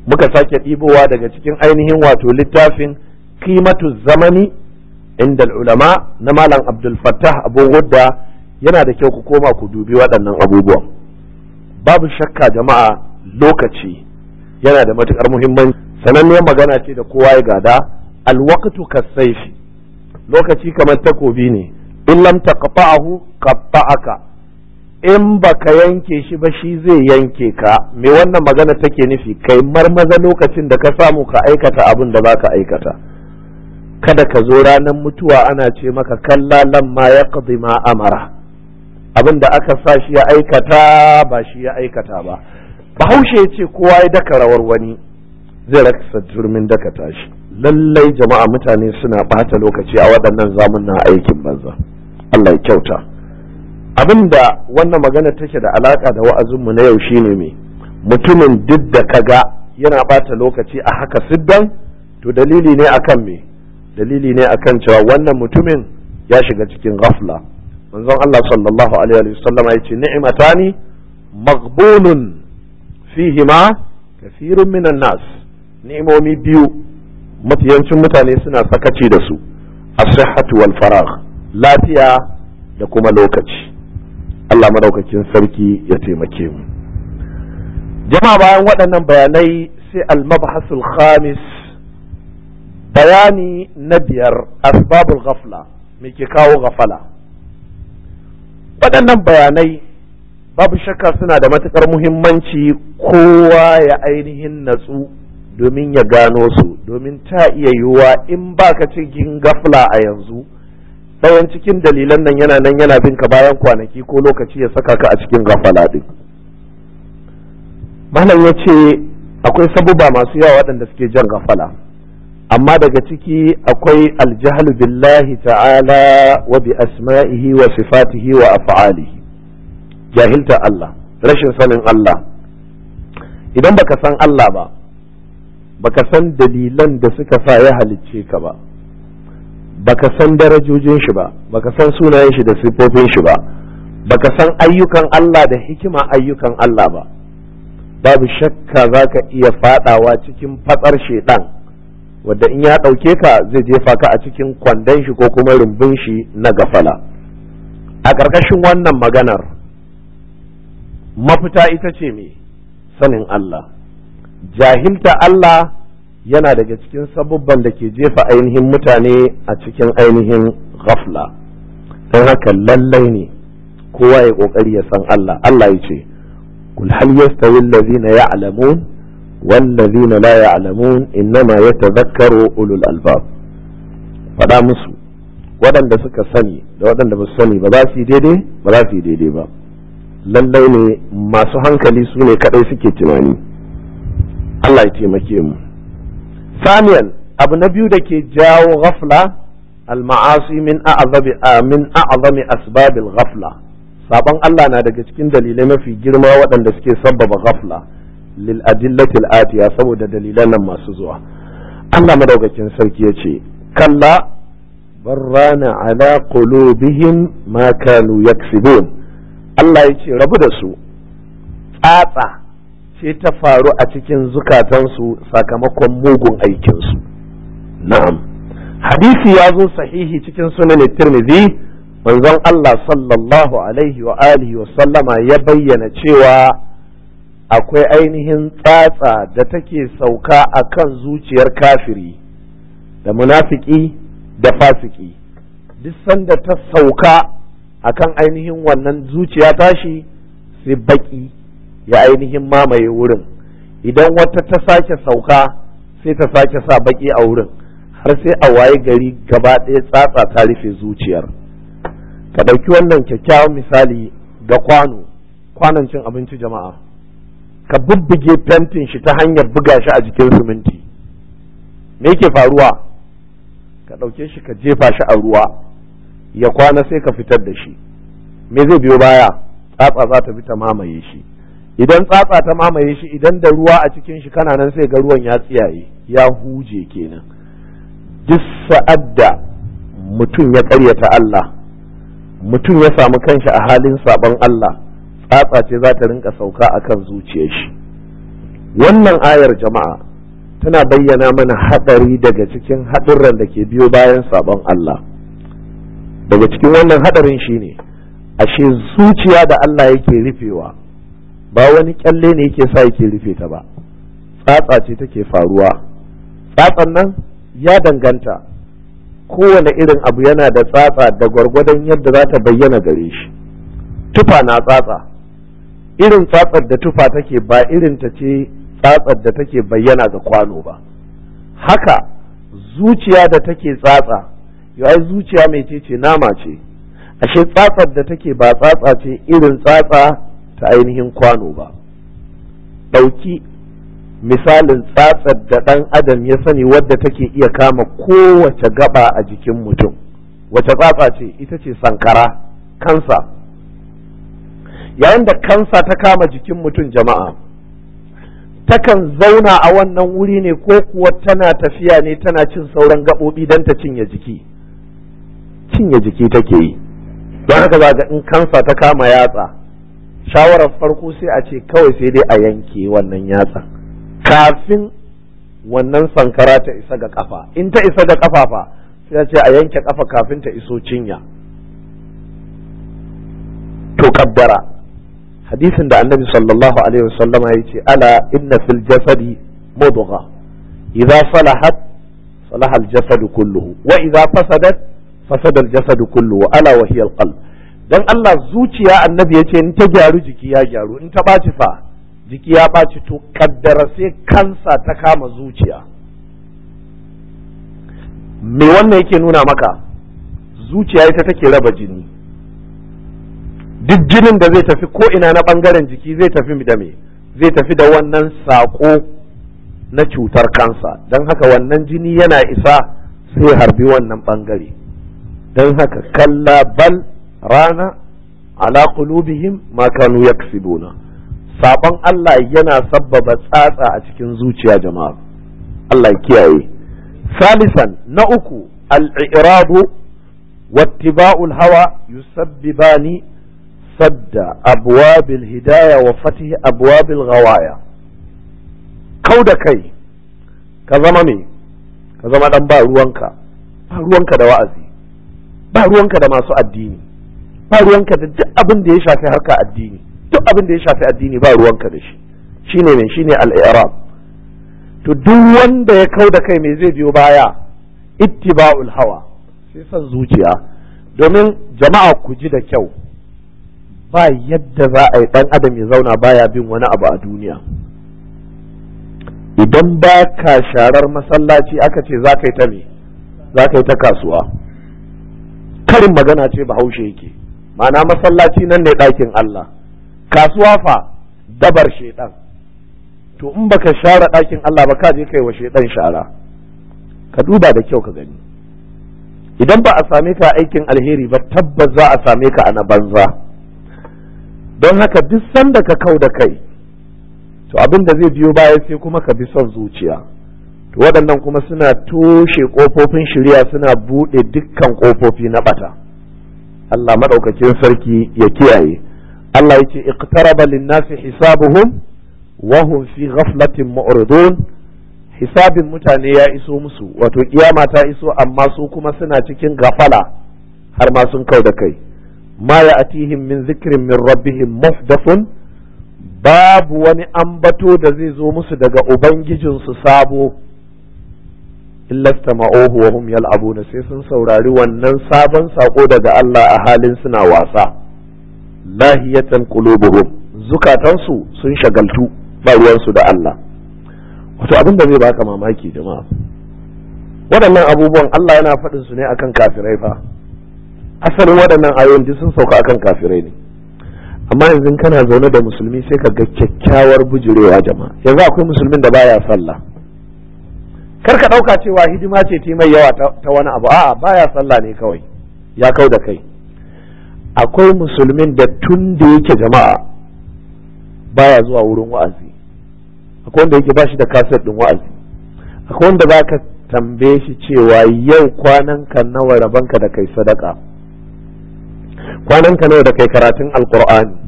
muka sake ɗibowa daga cikin ainihin wato littafin kimatu zamani inda ulama na malam abdul fattah abu gudda yana da kyau ku koma ku dubi waɗannan abubuwan babu shakka jama'a lokaci yana da matuƙar muhimmanci sananniyar magana ce da kowa ya gada alwaqtu kasaifi lokaci kamar takobi ne in lam taqta'ahu qatta'aka in baka yanke shi ba shi zai yanke ka me wannan magana take nufi kai marmaza lokacin da ka samu ka aikata abin da baka aikata kada ka zo ranar mutuwa ana ce maka kalla lamma ya ma amara abin da aka sa shi ya aikata ba shi ya aikata ba bahaushe ce kowa ya daka rawar wani zai raksa turmin daka tashi lallai jama'a mutane suna bata lokaci a waɗannan zamun aikin banza Allah ya kyauta abin da wannan magana take da alaka da wa'azinmu na yau shine me mutumin duk da kaga yana bata lokaci a haka siddan to dalili ne akan me dalili ne akan cewa wannan mutumin ya shiga cikin ghafla manzon Allah sallallahu alaihi wa sallam ya ce ni'matani maghbunun fihima kathirun minan nas ni'imomi biyu matiyancin mutane suna sakaci da su a sihhatu wal farag lafiya da kuma lokaci Allah madaukakin sarki ya taimake mu jama'a bayan waɗannan bayanai sai al-mabhasul khamis bayani na biyar asbabul ghafla me ke kawo ghafala waɗannan bayanai babu shakka suna da matuƙar muhimmanci kowa ya ainihin natsu domin ya gano su domin ta iya yiwuwa in baka cikin gafla a yanzu ɗayan cikin dalilan nan yana nan yana bin ka bayan kwanaki ko lokaci ya saka ka a cikin gafala ɗin malam ya ce akwai sabuba masu yawa waɗanda suke jan gafala amma daga ciki akwai aljahalu billahi ta'ala wa bi asma'ihi wa sifatihi wa af'alihi jahilta Allah rashin sanin Allah idan baka san Allah ba baka san dalilan da suka sa ya halicce ka ba baka san darajojin shi ba baka san sunayen shi da siffofin shi ba baka san ayyukan Allah da hikima ayyukan Allah ba babu shakka za ka iya fadawa cikin fatsar shedan wadda in ya ɗauke ka zai jefa ka a cikin kwandon shi ko kuma rumbun shi na gafala a ƙarƙashin wannan maganar mafita ita ce me sanin Allah jahilta Allah yana daga cikin sabubban da ke jefa ainihin mutane a cikin ainihin ghafla don haka lallai ne kowa ya kokari ya san Allah Allah ya ce kul hal yastawi allazina ya'lamun wallazina la ya'lamun innama yatadhakkaru ulul albab faɗa musu waɗanda suka sani da waɗanda ba su sani ba za su yi daidai ba za su yi daidai ba lallai ne masu hankali sune ne kaɗai suke tunani Allah ya taimake mu Samiyan abu na biyu da ke jawo ghafla al-ma'asi min a'zabi min a'zami asbabil ghafla saban Allah na daga cikin dalilai mafi girma waɗanda suke sabbaba ghafla lil adillatil atiya saboda dalilan nan masu zuwa Allah madaukakin sarki ya ce kalla barrana ala qulubihim ma kanu yaksibun Allah ya ce rabu da su tsatsa ce ta faru a cikin zukatansu sakamakon mugun aikinsu na'am hadisi ya zo sahihi cikin sunan tirmidhi manzon Allah sallallahu alaihi wa alihi wa sallama ya bayyana cewa akwai ainihin tsatsa da take sauka a kan zuciyar kafiri da munafiki da fasiki duk sanda ta sauka a kan ainihin wannan zuciya tashi sai baƙi. ya ainihin mamaye wurin idan wata ta sake sauka sai ta sake sa baki a wurin har sai a waye gari gaba ɗaya tsatsa ta rufe zuciyar ka ɗauki wannan kyakkyawan misali ga kwano kwanon cin abinci jama'a ka bubbuge fentin shi ta hanyar buga shi a jikin siminti me yake faruwa ka ɗauke shi ka jefa shi a ruwa ya kwana sai ka fitar da shi me zai biyo baya tsatsa za ta bi ta mamaye shi idan tsatsa ta mamaye shi idan da ruwa a cikin shi kana nan sai ga ruwan ya tsiyaye ya huje kenan duk sa'ad da mutum ya karyata Allah mutum ya samu kanshi a halin sabon Allah tsatsa ce za ta rinka sauka akan zuciyar shi wannan ayar jama'a tana bayyana mana hadari daga cikin haɗurran da ke biyo bayan sabon Allah daga cikin wannan hadarin shine ashe zuciya da Allah yake rufewa ba wani kyalle ne yake sa yake rufe ta ba tsatsa ce take faruwa tsatsan nan ya danganta kowane irin abu yana da tsatsa da gwargwadon yadda za ta bayyana gare shi tufa na tsatsa irin tsatsar da tufa take ba irin ta ce tsatsar da take bayyana ga kwano ba haka zuciya da take tsatsa yawai zuciya mai ce nama ce ashe tsatsar da take ba tsatsa ce irin tsatsa ta ainihin kwano ba ɗauki misalin tsatsar da ɗan adam ya sani wadda take iya kama kowace gaba a jikin mutum wace tsatsa ce ita ce sankara kansa yayin da kansa ta kama jikin mutum jama'a takan zauna a wannan wuri ne ko kuwa tana tafiya ne tana cin sauran gaɓoɓi don ta cinye jiki cinye jiki take yi don haka za ga in kansa ta kama yatsa shawarar farko sai a ce kawai sai dai a yanke wannan yatsa kafin wannan sankara ta isa ga kafa in ta isa ga kafa fa sai a ce a yanke kafa kafin ta iso cinya to kaddara hadisin da annabi sallallahu alaihi wasallam ya ce ala inna fil jasadi mudgha idza salahat salaha al jasad kulluhu wa idza fasadat fasada al jasad kulluhu ala wa hiya al qalb dan Allah zuciya annabi ya ce in ta gyaru jiki ya gyaru in ta ɓaci fa jiki ya ɓaci to kaddara sai kansa ta kama zuciya me wannan yake nuna maka zuciya ita take raba jini duk jinin da zai tafi ko ina na ɓangaren jiki zai tafi da me zai tafi da wannan saƙo na cutar kansa don haka wannan jini yana isa sai harbi wannan ɓangare don haka kalla bal rana ala qulubihim ma kanu yaksibuna sabon Allah yana sabbaba tsatsa a cikin zuciya jama'a Allah kiyaye salisan na uku al-i'radu wattiba'ul hawa yusabbibani sadda abwabil hidaya wa fatih abwabil ghawaya kau da kai ka zama me ka zama dan ba ruwanka ba ruwanka da wa'azi ba ruwanka da masu addini ba ruwanka da duk abin da ya shafi harka addini duk abin da ya shafi addini ba ruwanka da shi shine ne shine al-i'rab to duk wanda ya kau da kai mai zai biyo baya ittiba'ul hawa sai son zuciya domin jama'a ku ji da kyau ba yadda za a yi dan adam ya zauna baya bin wani abu a duniya idan ba ka sharar masallaci aka ce za ka yi ta ta kasuwa karin magana ce bahaushe yake ma'ana masallaci nan ne ɗakin Allah kasuwa fa dabar shaidan to in baka share ɗakin Allah ba ka je kai wa shaidan shara ka duba da kyau ka gani idan ba a same ka aikin alheri ba tabbas za a same ka a na banza don haka duk sanda ka kau da kai to abin da zai biyo baya sai kuma ka bi son zuciya to waɗannan kuma suna toshe ƙofofin shirya suna buɗe dukkan ƙofofi na ɓata Allah madaukakin sarki ya kiyaye Allah yace iqtaraba lin-nasi hisabuhum wa hum fi ghaflatin mu'ridun hisabin mutane ya iso musu wato kiyama ta iso amma su kuma suna cikin gafala har ma sun kau da kai ma atihim min zikrin min rabbihim muhdathun babu wani ambato da zai zo musu daga ubangijinsu sabo illa istama'uhu wa hum yal'abuna sai sun saurari wannan sabon sako daga Allah a halin suna wasa lahiyatan qulubuhum zukatansu sun shagaltu ba ruwansu da Allah wato abin da zai baka mamaki jama'a waɗannan abubuwan Allah yana faɗin su ne akan kafirai fa asalin waɗannan ayoyin duk sun sauka akan kafirai ne amma yanzu kana zaune da musulmi sai ka ga kyakkyawar bujurewa jama'a yanzu akwai musulmin da baya sallah kar ka ɗauka cewa hidima ce ta mai yawa ta wani abu a'a baya sallah ne kawai ya kau da kai akwai musulmin da tun da yake jama'a baya zuwa wurin wa'azi akwai wanda yake bashi da kaset din wa'azi akwai wanda ba ka tambaye shi cewa yau kwanan ka nawa rabanka da kai sadaka kwanan ka nawa da kai karatun alkur'ani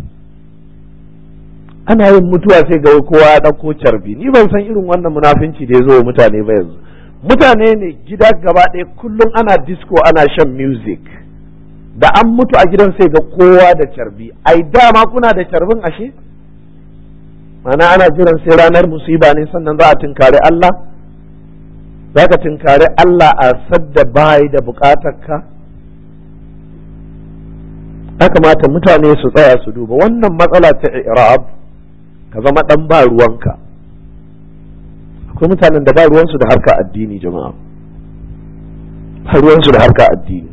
ana yin mutuwa sai ga kowa ya ɗauko carbi ni ban san irin wannan munafinci da ya zo mutane ba yanzu mutane ne gida gaba ɗaya kullum ana disco ana shan music da an mutu a gidan sai ga kowa da carbi ai dama kuna da carbin ashe mana ana jiran sai ranar musiba ne sannan za a tunkari Allah za ka tunkari Allah a sadda bai da bukatarka ka kamata mutane su tsaya su duba wannan matsala ta irab ka zama dan ba ruwanka akwai mutanen da ba ruwansu da harka addini jama'a ba ruwansu da harka addini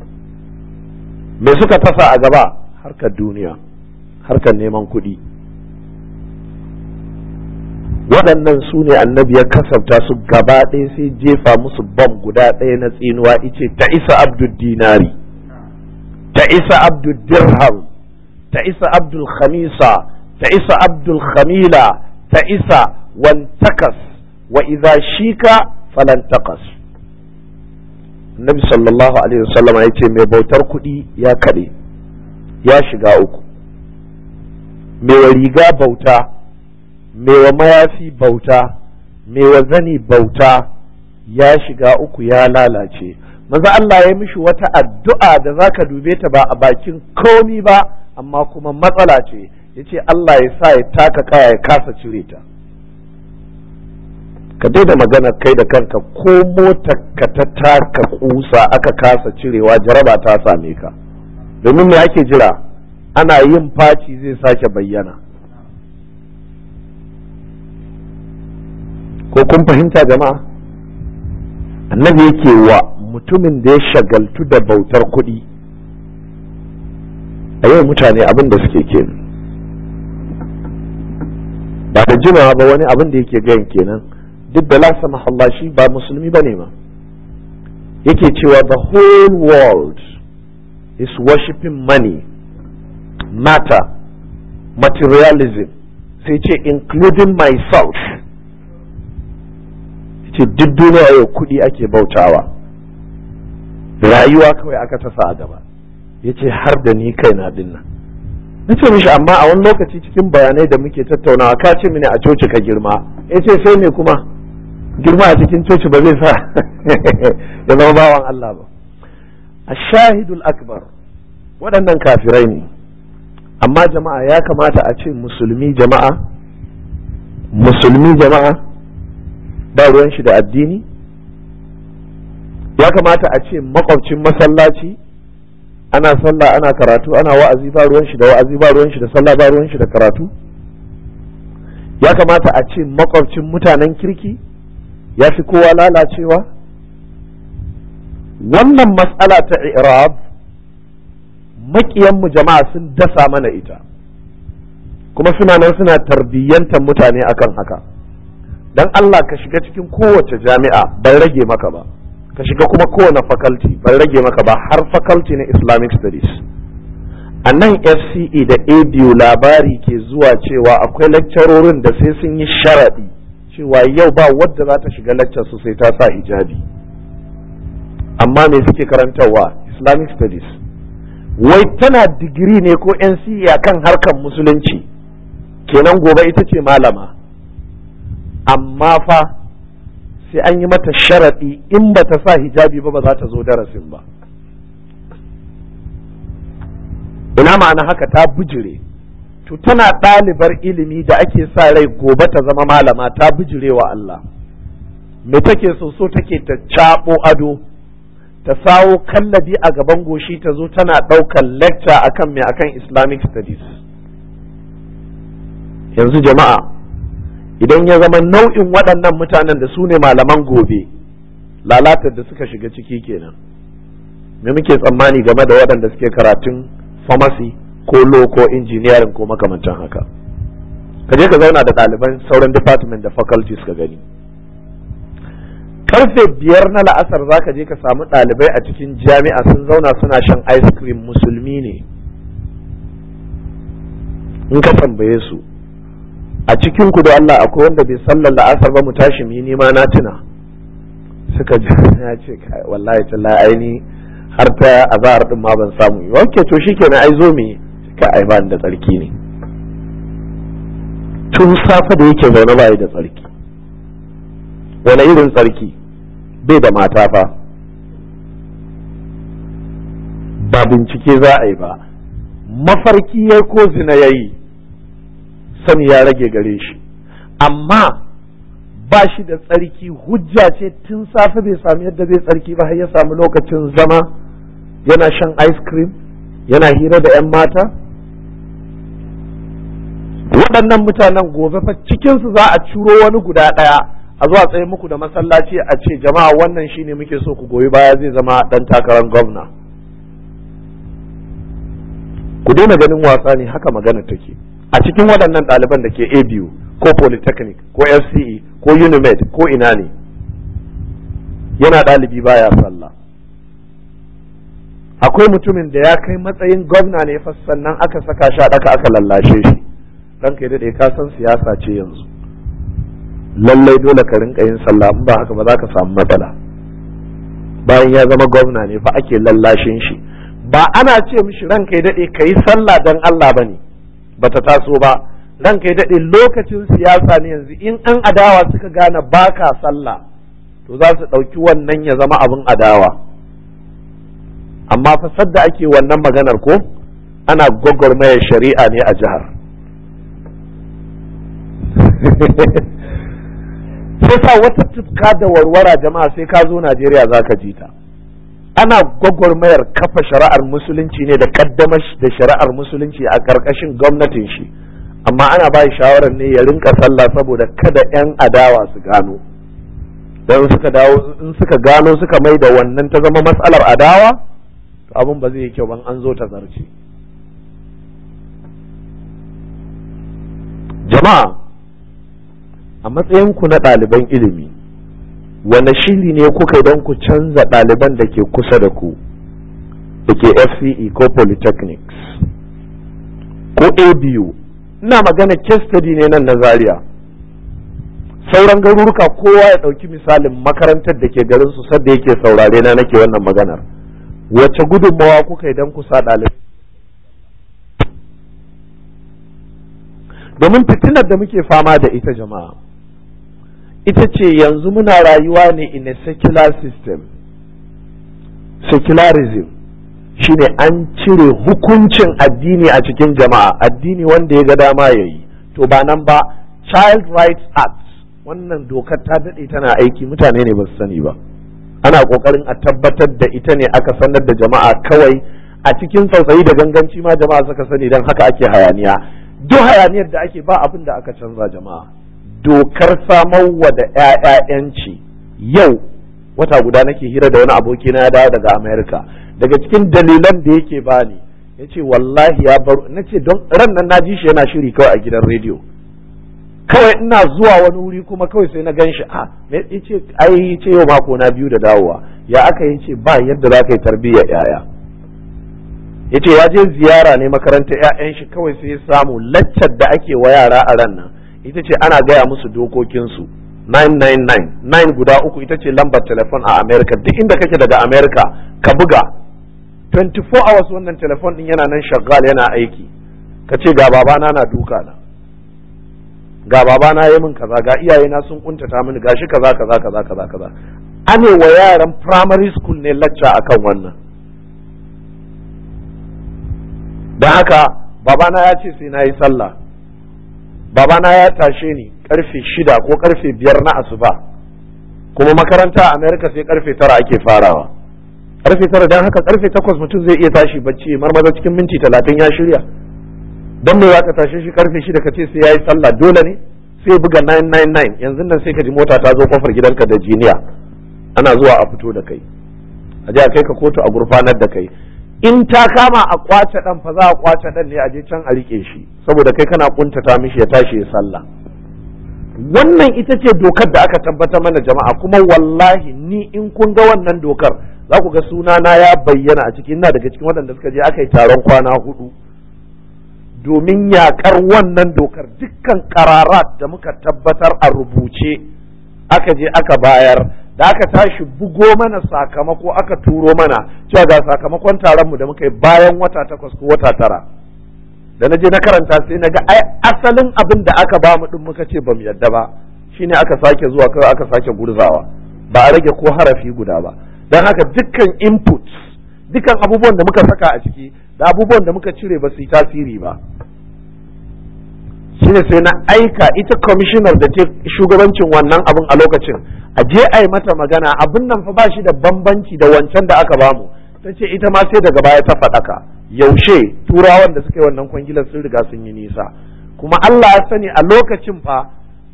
me suka fasa a gaba harkar duniya harkar neman kuɗi waɗannan su ne annabi ya kasafta su gaba ɗaya sai jefa musu bam guda ɗaya na tsinuwa ice ta isa abdul dinari ta isa abdul dirham ta isa abdul khamisa ta isa abdul khamila ta isa takas wa Iza shika takas. Nabi sallallahu alaihi wasallam ya ce mai bautar kuɗi ya kaɗe ya shiga uku mai wa riga bauta mai wa mayafi bauta mai wa zani bauta ya shiga uku ya lalace maza Allah ya mishi wata addu'a da zaka dube ta ba a bakin komi ba amma kuma matsala ce ya ce Allah ya sa ya taka kaya ya kasa cire ta ka da magana kai da kanka ko motar ka ta taka kusa aka kasa cirewa jaraba ta same ka domin me ake jira ana yin faci zai sake bayyana ko kun fahimta jama'a annabi yake wa mutumin da ya shagaltu da bautar kuɗi a yau mutane abin da suke kenan ba da jimawa ba wani abin da yake gayan kenan duk da lasa mahallashi ba musulmi ba ne ma yake cewa the whole world is worshiping money matter materialism sai ce including myself ce duk duniya yau kuɗi ake bautawa rayuwa kawai aka tasa a gaba ya ce har da ni kai na dinnan nace mishi amma a wani lokaci cikin bayanai da muke tattaunawa ka ce mini a coci ka girma ce sai me kuma girma a cikin coci ba zai sa ya zama bawan Allah ba ashahidul akbar waɗannan kafirai ne amma jama'a ya kamata a ce musulmi jama'a musulmi jama'a ba ruwan shi da addini ya kamata a ce makwabcin masallaci ana sallah ana karatu ana wa'azi ba ruwan shi da wa'azi ba ruwan shi da sallah ba ruwan shi da karatu ya kamata a ce makwabcin mutanen kirki ya fi kowa lalacewa wannan matsala ta irab makiyanmu jama'a sun dasa mana ita kuma suna nan suna tarbiyyantar mutane akan haka don Allah ka shiga cikin kowace jami'a ban rage maka ba ka shiga kuma kowane faculty ban rage maka ba har faculty na islamic studies a nan fce da abu labari ke zuwa cewa akwai lakcarorin da sai sun yi sharaɗi cewa yau ba wadda za ta shiga lakcar su sai ta sa ijabi. amma me suke karantarwa islamic studies wai tana digiri ne ko nce a kan harkar musulunci kenan gobe ita ce malama amma fa sai an yi mata sharaɗi in ba ta sa hijabi ba ba za ta zo darasin ba ina ma'ana haka ta bujire to tana ɗalibar ilimi da ake sa rai gobe ta zama malama ta bujire wa Allah me take so so take ta caɓo ado ta sawo kallabi a gaban goshi ta zo tana ɗaukar lecture akan mai akan islamic studies yanzu jama'a idan ya zama nau'in waɗannan mutanen da su ne malaman gobe lalatar da suka shiga ciki kenan me muke tsammani game da waɗanda suke karatun pharmacy ko law ko engineering ko makamantan haka ka je ka zauna da ɗaliban sauran department da faculties ka gani karfe biyar na la'asar za ka je ka samu ɗalibai a cikin jami'a sun zauna suna shan ice cream musulmi ne in ka tambaye su a cikin ku da Allah akwai wanda bai sallar la'asar ba mu tashi mu ni ma na tuna suka ji ya ce wallahi tallahi aini har ta azahar din ma ban samu yi wanke to shikenan ai zo mu ka ai ba da tsarki ne tun safa da yake zaune ba da tsarki wani irin tsarki bai da mata fa ba bincike za a yi ba mafarki ya ko zina ya yi sani ya rage gare shi amma ba shi da tsarki hujja ce tun safe bai sami yadda zai tsarki ba har ya samu lokacin zama yana shan ice cream yana hira da 'yan mata waɗannan mutanen gobe fa cikinsu za a ciro wani guda ɗaya a zuwa tsaye muku da masallaci a ce jama'a wannan shine muke so ku goyi baya zai zama ɗan takarar gwamna ku daina ganin wasa ne haka magana take a cikin waɗannan ɗaliban da ke abu ko polytechnic ko fce ko unimed ko ina ne yana ɗalibi baya sallah akwai mutumin da ya kai matsayin gwamna ne fa sannan aka saka shi a aka lallashe shi ranka ya daɗe ka san siyasa ce yanzu lallai dole ka rinka yin sallah in ba haka ba za ka samu matsala bayan ya zama gwamna ne fa ake lallashin shi ba ana ce mishi ranka ya daɗe ka yi sallah don Allah ba ne ba ta taso ba dan kai daɗe lokacin siyasa ne yanzu in an adawa suka gane baka sallah to za su ɗauki wannan ya zama abin adawa amma fa sadda ake wannan maganar ko ana gwagwarmaya shari'a ne a jihar sai sa wata tufka da warwara jama'a sai ka zo najeriya za ka ji ta ana gwagwarmayar kafa shari'ar musulunci ne da kaddamar da shari'ar musulunci a ƙarƙashin gwamnatin shi amma ana ba shawarar ne ya rinka sallah saboda kada 'yan adawa su gano don suka dawo in suka gano suka mai da wannan ta zama matsalar adawa to abin ba zai yi kyau ban an zo ta zarce jama'a a matsayinku na ɗaliban ilimi wane shiri ne kuka don ku canza ɗaliban da ke kusa da ku da ke fce ko polytechnics ko abu ina magana case study ne nan na zaria sauran garuruka kowa ya ɗauki misalin makarantar da ke garin su sadda yake saurare na nake wannan maganar wace gudunmawa kuka idan ku sa domin fitinar da muke fama da ita jama'a ita ce yanzu muna rayuwa ne in a secular system secularism ne an cire hukuncin addini a cikin jama'a addini wanda ya ga dama ya yi to ba nan ba child rights act wannan dokar ta daɗe tana aiki mutane ne ba su sani ba ana ƙoƙarin a tabbatar da ita ne aka sanar da jama'a kawai a cikin tsautsayi da ganganci ma jama'a suka sani don haka ake hayaniya duk hayaniyar da ake ba abin da aka canza jama'a dokar samarwa da 'ya'ya'yanci yau wata guda nake hira da wani aboki na ya dawo daga america daga cikin dalilan da yake bani ya ce wallahi ya baro na ce don ran nan na ji shi yana shiri kawai a gidan rediyo kawai ina zuwa wani wuri kuma kawai sai na gan shi ah, a ce ai ce yau mako na biyu da dawowa ya aka yi ce ba yadda za ka yi tarbiyyar yaya ya ce ya ziyara ne makarantar 'ya'yan shi kawai sai ya samu laccar da ake wa yara a ran nan ita ce ana gaya musu dokokinsu 999 9 guda uku ita ce lambar telefon a america duk inda kake daga america ka buga 24 hours wannan telefon din yana nan shagal yana aiki ka ce ga babana na duka na ga babana ya min kaza ga iyayena sun kuntata mini gashi kaza kaza kaza kaza kaza ane wa yaran primary school ne lacca akan wannan don haka babana ya ce sai na yi sallah babana ya tashe ni karfe shida ko karfe biyar na asuba kuma makaranta a america sai karfe tara ake farawa karfe tara don haka karfe takwas mutum zai iya tashi bacci marmaza cikin minti talatin ya shirya don me za tashe shi karfe shida ka ce sai ya yi sallah dole ne sai buga 999 yanzu nan sai ka ji mota ta zo kofar gidanka da jiniya ana zuwa a fito da kai a je a kai ka kotu a gurfanar da kai in ta kama a kwace dan fa za a kwace ɗan ne a je can a rike shi saboda kai kana kuntata mishi ya tashi ya sallah wannan ita ce dokar da aka tabbatar mana jama'a kuma wallahi ni in kun ga wannan dokar za ku ga suna na ya bayyana a cikin ina daga cikin waɗanda suka je aka yi taron kwana hudu domin yakar wannan dokar dukkan kararat da muka tabbatar a rubuce aka je aka bayar da aka tashi bugo mana sakamako aka turo mana cewa ga sakamakon taron mu da muka yi bayan wata takwas ko wata tara da na je na karanta sai na ga asalin abin da aka ba mu din muka ce bamu yadda ba shine aka sake zuwa kai aka sake gurzawa ba a rage ko harafi guda ba dan haka dukkan inputs dukkan abubuwan da muka saka a ciki da abubuwan da muka cire ba su yi tasiri ba shine sai na aika ita commissioner da ke shugabancin wannan abin a lokacin a je a yi mata magana abin nan fa ba shi da bambanci da wancan da aka bamu ta ce ita ma sai daga baya ta faɗaka yaushe turawan da suka yi wannan kwangilar sun riga sun yi nisa kuma Allah ya sani a lokacin fa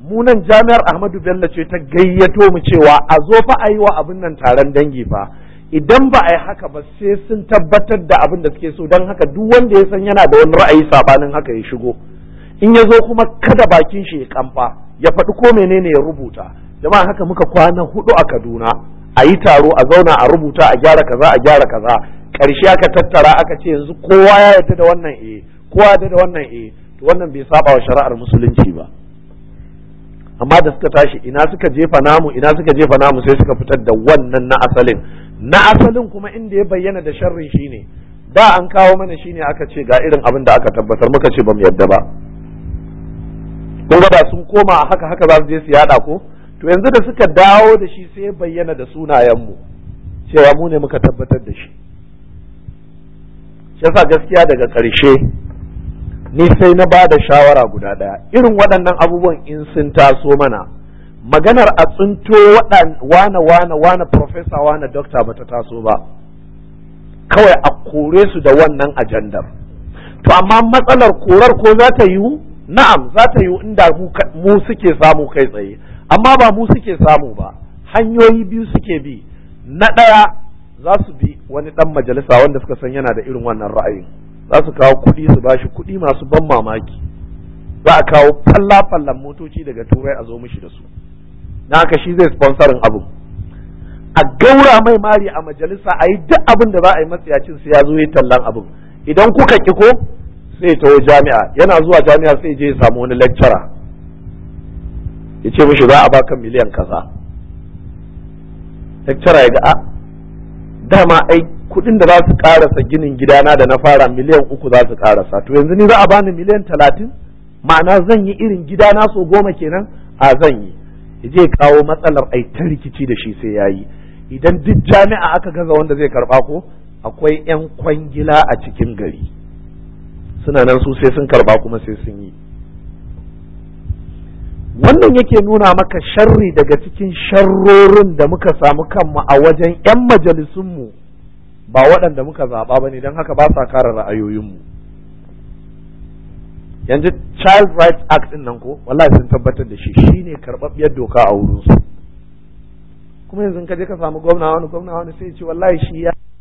mu nan jami'ar Ahmadu Bello ce ta gayyato mu cewa a zo fa a yi wa abin nan taron dangi fa idan ba a yi haka ba sai sun tabbatar da abin da suke so don haka duk wanda ya san yana da wani ra'ayi sabanin haka ya shigo in ya zo kuma kada bakin shi ya kamfa ya faɗi ko menene ya rubuta jama'a haka muka kwana hudu a kaduna a yi taro a zauna a rubuta a gyara kaza a gyara kaza ƙarshe aka tattara aka ce yanzu kowa ya yarda da wannan eh kowa ya da wannan eh to wannan bai saba wa shari'ar musulunci ba amma da suka tashi ina suka jefa namu ina suka jefa namu sai suka fitar da wannan na asalin na asalin kuma inda ya bayyana da sharrin shine da an kawo mana shine aka ce ga irin abin da aka tabbatar muka ce bamu yarda ba kun ga ba sun koma haka haka za su je su yada ko to yanzu da suka dawo da shi sai bayyana da sunayenmu cewa mu ne muka tabbatar da shi yasa gaskiya daga ƙarshe ni sai na ba da shawara guda ɗaya irin waɗannan abubuwan in sun taso mana maganar a tsinto wane wane wane profesa wane dokta ba ta taso ba kawai a kore su da wannan ajandar to amma matsalar korar ko za ta yiwu na'am za ta yiwu inda mu suke samu kai tsaye amma ba mu suke samu ba hanyoyi biyu suke bi na ɗaya za su bi wani ɗan majalisa wanda suka san yana da irin wannan ra'ayin za su kawo kuɗi su bashi kuɗi masu ban mamaki za a kawo falla-fallan motoci daga turai a zo mishi da su na haka shi zai sponsorin abu a gaura mai mari a majalisa a yi duk abin da za a yi matsayacin sai ya zo yi tallan abin idan kuka ki ko sai taho jami'a yana zuwa jami'a sai je ya samu wani lecturer ya ce mishi za a baka miliyan kaza lecturer ya ga a ah, dama ai kudin da za su karasa ginin gidana da na fara miliyan uku za su karasa to yanzu ni za a bani miliyan talatin ma'ana zan yi irin gidana so goma kenan a zan yi ya je kawo matsalar ai ta rikici da shi sai ya yi idan duk jami'a aka gaza wanda zai karba ko akwai yan kwangila a cikin gari suna nan su sai sun karba kuma sai sun yi wannan yake nuna maka sharri daga cikin sharrorin da muka samu kanmu a wajen 'yan majalisunmu ba waɗanda muka zaɓa ba ne don haka ba sa kara ra'ayoyinmu yanzu child rights act ɗin nan ko wallahi sun tabbatar da shi shi ne karɓaɓɓiyar doka a wurinsu kuma yanzu ka je ka samu gwamna wani gwamna wani sai ce wallahi shi ya